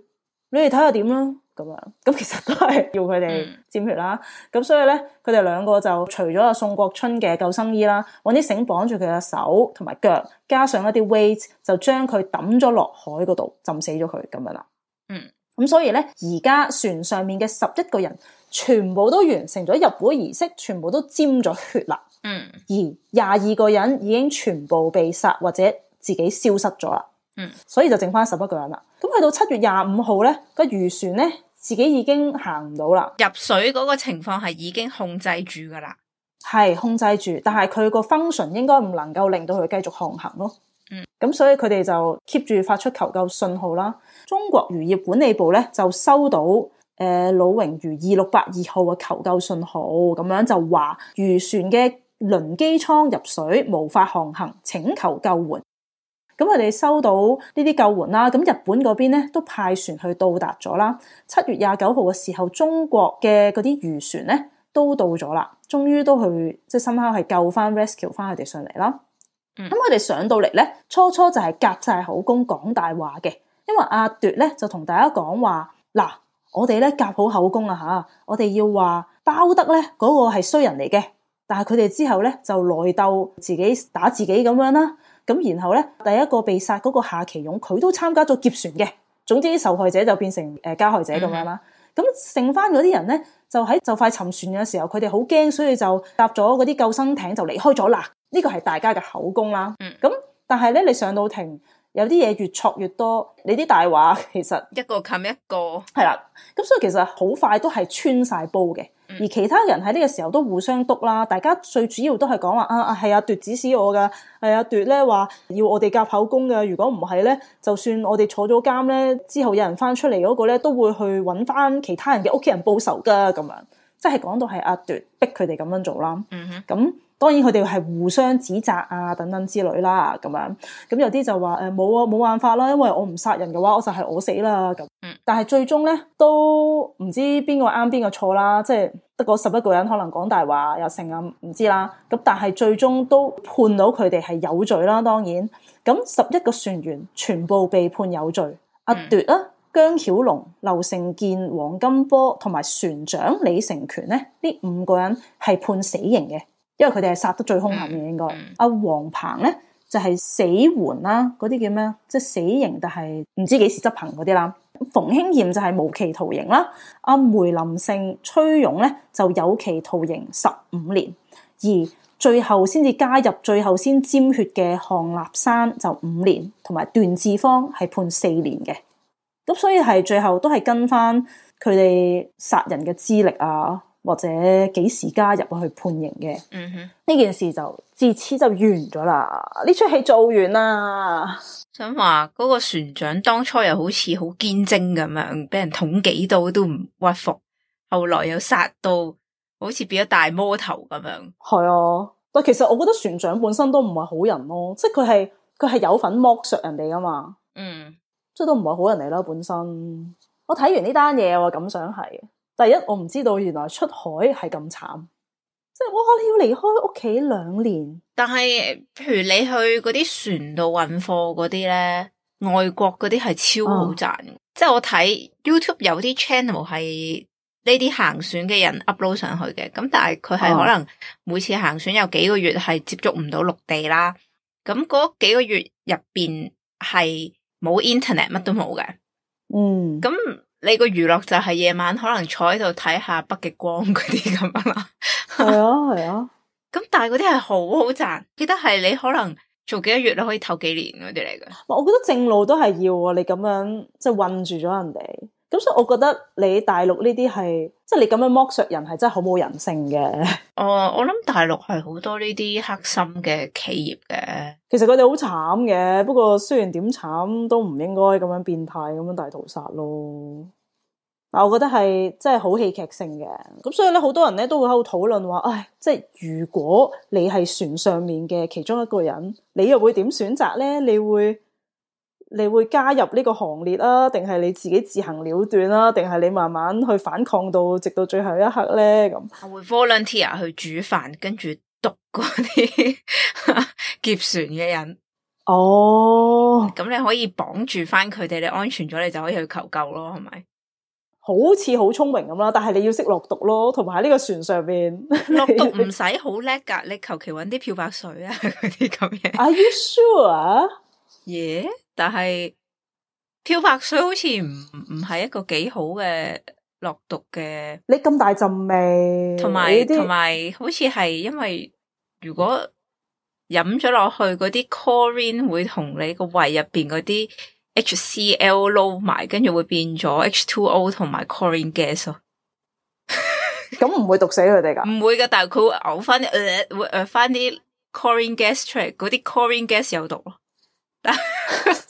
你哋睇下點咯，咁樣，咁其實都係要佢哋沾血啦。咁所以咧，佢哋兩個就除咗阿宋國春嘅救生衣啦，揾啲繩綁住佢嘅手同埋腳，加上一啲 weight，就將佢抌咗落海嗰度，浸死咗佢咁樣啦。嗯，咁所以咧，而家船上面嘅十一個人全部都完成咗入會儀式，全部都沾咗血啦。嗯，而廿二個人已經全部被殺或者自己消失咗啦。嗯，所以就剩翻十一個人啦。咁去到七月廿五號咧，個漁船咧自己已經行唔到啦，入水嗰個情況係已經控制住噶啦，係控制住，但係佢個 function 應該唔能夠令到佢繼續航行咯。嗯，咁所以佢哋就 keep 住發出求救信號啦。中國漁業管理部咧就收到誒魯、呃、榮漁二六八二號嘅求救信號，咁樣就話漁船嘅輪機艙入水，無法航行，請求救援。咁佢哋收到呢啲救援啦，咁日本嗰邊咧都派船去到達咗啦。七月廿九號嘅時候，中國嘅嗰啲漁船咧都到咗啦，終於都去即係深刻係救翻 rescue 翻佢哋上嚟啦。咁佢哋上到嚟咧，初初就係夾晒口供講大話嘅，因為阿奪咧就同大家講話嗱，我哋咧夾好口供啊吓，我哋要話包得咧嗰個係衰人嚟嘅，但係佢哋之後咧就內鬥自己打自己咁樣啦。咁然後咧，第一個被殺嗰個夏其勇，佢都參加咗劫船嘅。總之受害者就變成誒加害者咁，mm hmm. 樣啦。咁剩翻嗰啲人咧，就喺就快沉船嘅時候，佢哋好驚，所以就搭咗嗰啲救生艇就離開咗啦。呢，這個係大家嘅口供啦。咁，mm hmm. 但係咧，你上到庭。有啲嘢，越錯越多，你啲大話其實一個冚一個，係啦，咁所以其實好快都係穿晒煲嘅。嗯、而其他人喺呢個時候都互相督啦，大家最主要都係講話啊，啊，係阿奪指使我噶，係阿奪咧話要我哋夾口供噶，如果唔係咧，就算我哋坐咗監咧之後有人翻出嚟，嗰個咧，都會去揾翻其他人嘅屋企人報仇噶，咁樣即係講到係阿奪逼佢哋咁樣做啦，嗯哼，咁。當然佢哋係互相指責啊，等等之類啦，咁樣，咁有啲就話誒冇啊，冇辦法啦，因為我唔殺人嘅話，我就係我死啦咁。嗯、但係最終咧都唔知邊個啱邊個錯啦，即係得嗰十一個人可能講大話又成啊，唔知啦。咁但係最終都判到佢哋係有罪啦。當然，咁十一個船員全部被判有罪。阿奪啦、姜曉龍、劉成建、黃金波同埋船長李成權咧，呢五個人係判死刑嘅。因為佢哋係殺得最凶狠嘅，應該阿黃、啊、鵬咧就係、是、死緩啦，嗰啲叫咩即係死刑，但係唔知幾時執行嗰啲啦。馮興賢就係無期徒刑啦。阿、啊、梅林盛、崔勇咧，就有期徒刑十五年，而最後先至加入最，最後先沾血嘅項立山就五年，同埋段志芳係判四年嘅。咁所以係最後都係跟翻佢哋殺人嘅資歷啊，或者幾時加入去判刑嘅？嗯哼，呢件事就自此就完咗啦，呢齣戲做完啦。想話嗰、那個船長當初又好似好堅貞咁樣，俾人捅幾刀都唔屈服，後來又殺到好似變咗大魔頭咁樣。係啊，但其實我覺得船長本身都唔係好人咯，即係佢係佢係有份剝削人哋噶嘛。嗯，即係都唔係好人嚟啦。本身我睇完呢單嘢，我感想係。第一，我唔知道原來出海係咁慘，即係哇，你要離開屋企兩年。但係，譬如你去嗰啲船度運貨嗰啲咧，外國嗰啲係超好賺。嗯、即係我睇 YouTube 有啲 channel 係呢啲行船嘅人 upload 上去嘅，咁但係佢係可能每次行船有幾個月係接觸唔到陸地啦，咁嗰幾個月入邊係冇 internet 乜都冇嘅。嗯，咁。你個娛樂就係夜晚可能坐喺度睇下北極光嗰啲咁樣啦，係啊係啊，咁但係嗰啲係好好賺，記得係你可能做幾多月你可以唞幾年嗰啲嚟嘅。我覺得正路都係要啊，你咁樣即係、就是、困住咗人哋。咁所以，我覺得你大陸呢啲係，即係你咁樣剝削人係真係好冇人性嘅。哦，我諗大陸係好多呢啲黑心嘅企業嘅。其實佢哋好慘嘅，不過雖然點慘都唔應該咁樣變態咁樣大屠殺咯。嗱，我覺得係真係好戲劇性嘅。咁所以咧，好多人咧都會喺度討論話，唉，即係如果你係船上面嘅其中一個人，你又會點選擇咧？你會？你會加入呢個行列啊？定係你自己自行了斷啦、啊？定係你慢慢去反抗到直到最後一刻咧？咁我會 volunteer 去煮飯，跟住毒嗰啲劫船嘅人。哦，咁你可以綁住翻佢哋，你安全咗，你就可以去求救咯，係咪？好似好聰明咁啦，但係你要識落毒咯，同埋喺呢個船上邊落毒唔使好叻噶。 你求其揾啲漂白水啊，嗰啲咁嘅。Are you sure? Yeah。但係漂白水好似唔唔係一個幾好嘅落毒嘅，你咁大陣味，同埋同埋好似係因為如果飲咗落去嗰啲 chlorine 會同你個胃入邊嗰啲 HCL 撈埋，跟住會變咗 H2O 同埋 chlorine gas 咯。咁 唔會毒死佢哋噶？唔 會噶，但係佢嘔翻誒會誒翻啲 chlorine gas 出嚟，嗰啲 chlorine gas 有毒咯。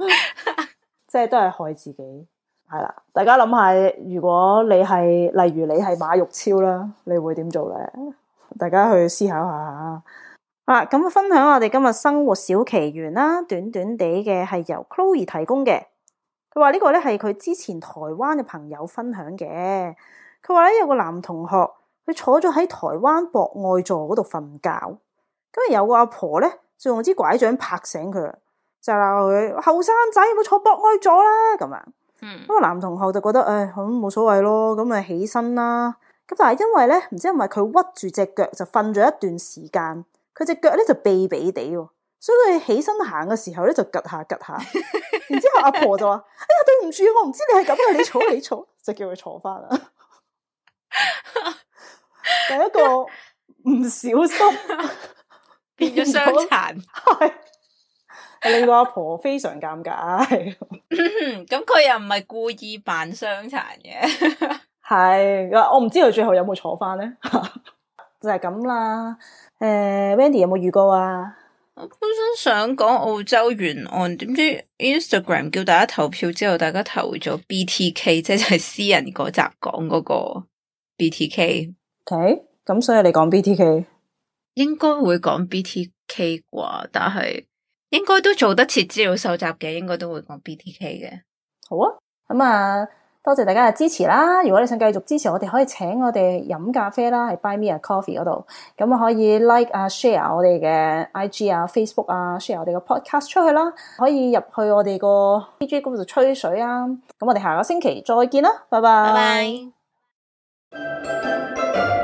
即係都係害自己，係啦。大家諗下，如果你係例如你係馬玉超啦，你會點做咧？大家去思考下。好啦、 啊，咁分享我哋今日生活小奇懸啦，短短地嘅係由 Chloe 提供嘅。佢話呢個咧係佢之前台灣嘅朋友分享嘅。佢話咧有個男同學，佢坐咗喺台灣博愛座嗰度瞓覺，今日有個阿婆咧，就用支拐杖拍醒佢就鬧佢後生仔，冇坐博愛座啦，咁啊，因為、嗯、男同學就覺得誒，好冇所謂咯，咁咪起身啦。咁但係因為咧，唔知係咪佢屈住隻腳就瞓咗一段時間，佢隻腳咧就痹痹地，所以佢起身行嘅時候咧就趷下趷下。然之後阿婆就話： 哎呀，對唔住，我唔知你係咁嘅，你坐你坐,你坐，就叫佢坐返啦。第 一個唔小心 變咗傷殘，係。 你個阿婆非常尷尬，咁 佢、嗯嗯、又唔係故意扮傷殘嘅，係 我唔知道最後有冇坐返咧， 就係咁啦。誒、欸、Wendy 有冇預告啊？我本身想講澳洲原案，點知 Instagram 叫大家投票之後，大家投咗 BTK，即係私人嗰集講嗰個 BTK。OK，咁所以你講 BTK，應該會講 BTK 啩？但係。應該都做得資料收集嘅，應該都會講 BTK 嘅。好啊，咁啊，多謝大家嘅支持啦。如果你想繼續支持我哋，可以請我哋飲咖啡啦，係 Buy Me a Coffee 嗰度。咁啊，可以 Like 啊 Share 我哋嘅 IG 啊 Facebook 啊，share 我哋嘅 Podcast 出去啦。可以入去我哋個 DJ 嗰度吹水啊。咁我哋下個星期再見啦，拜拜。Bye bye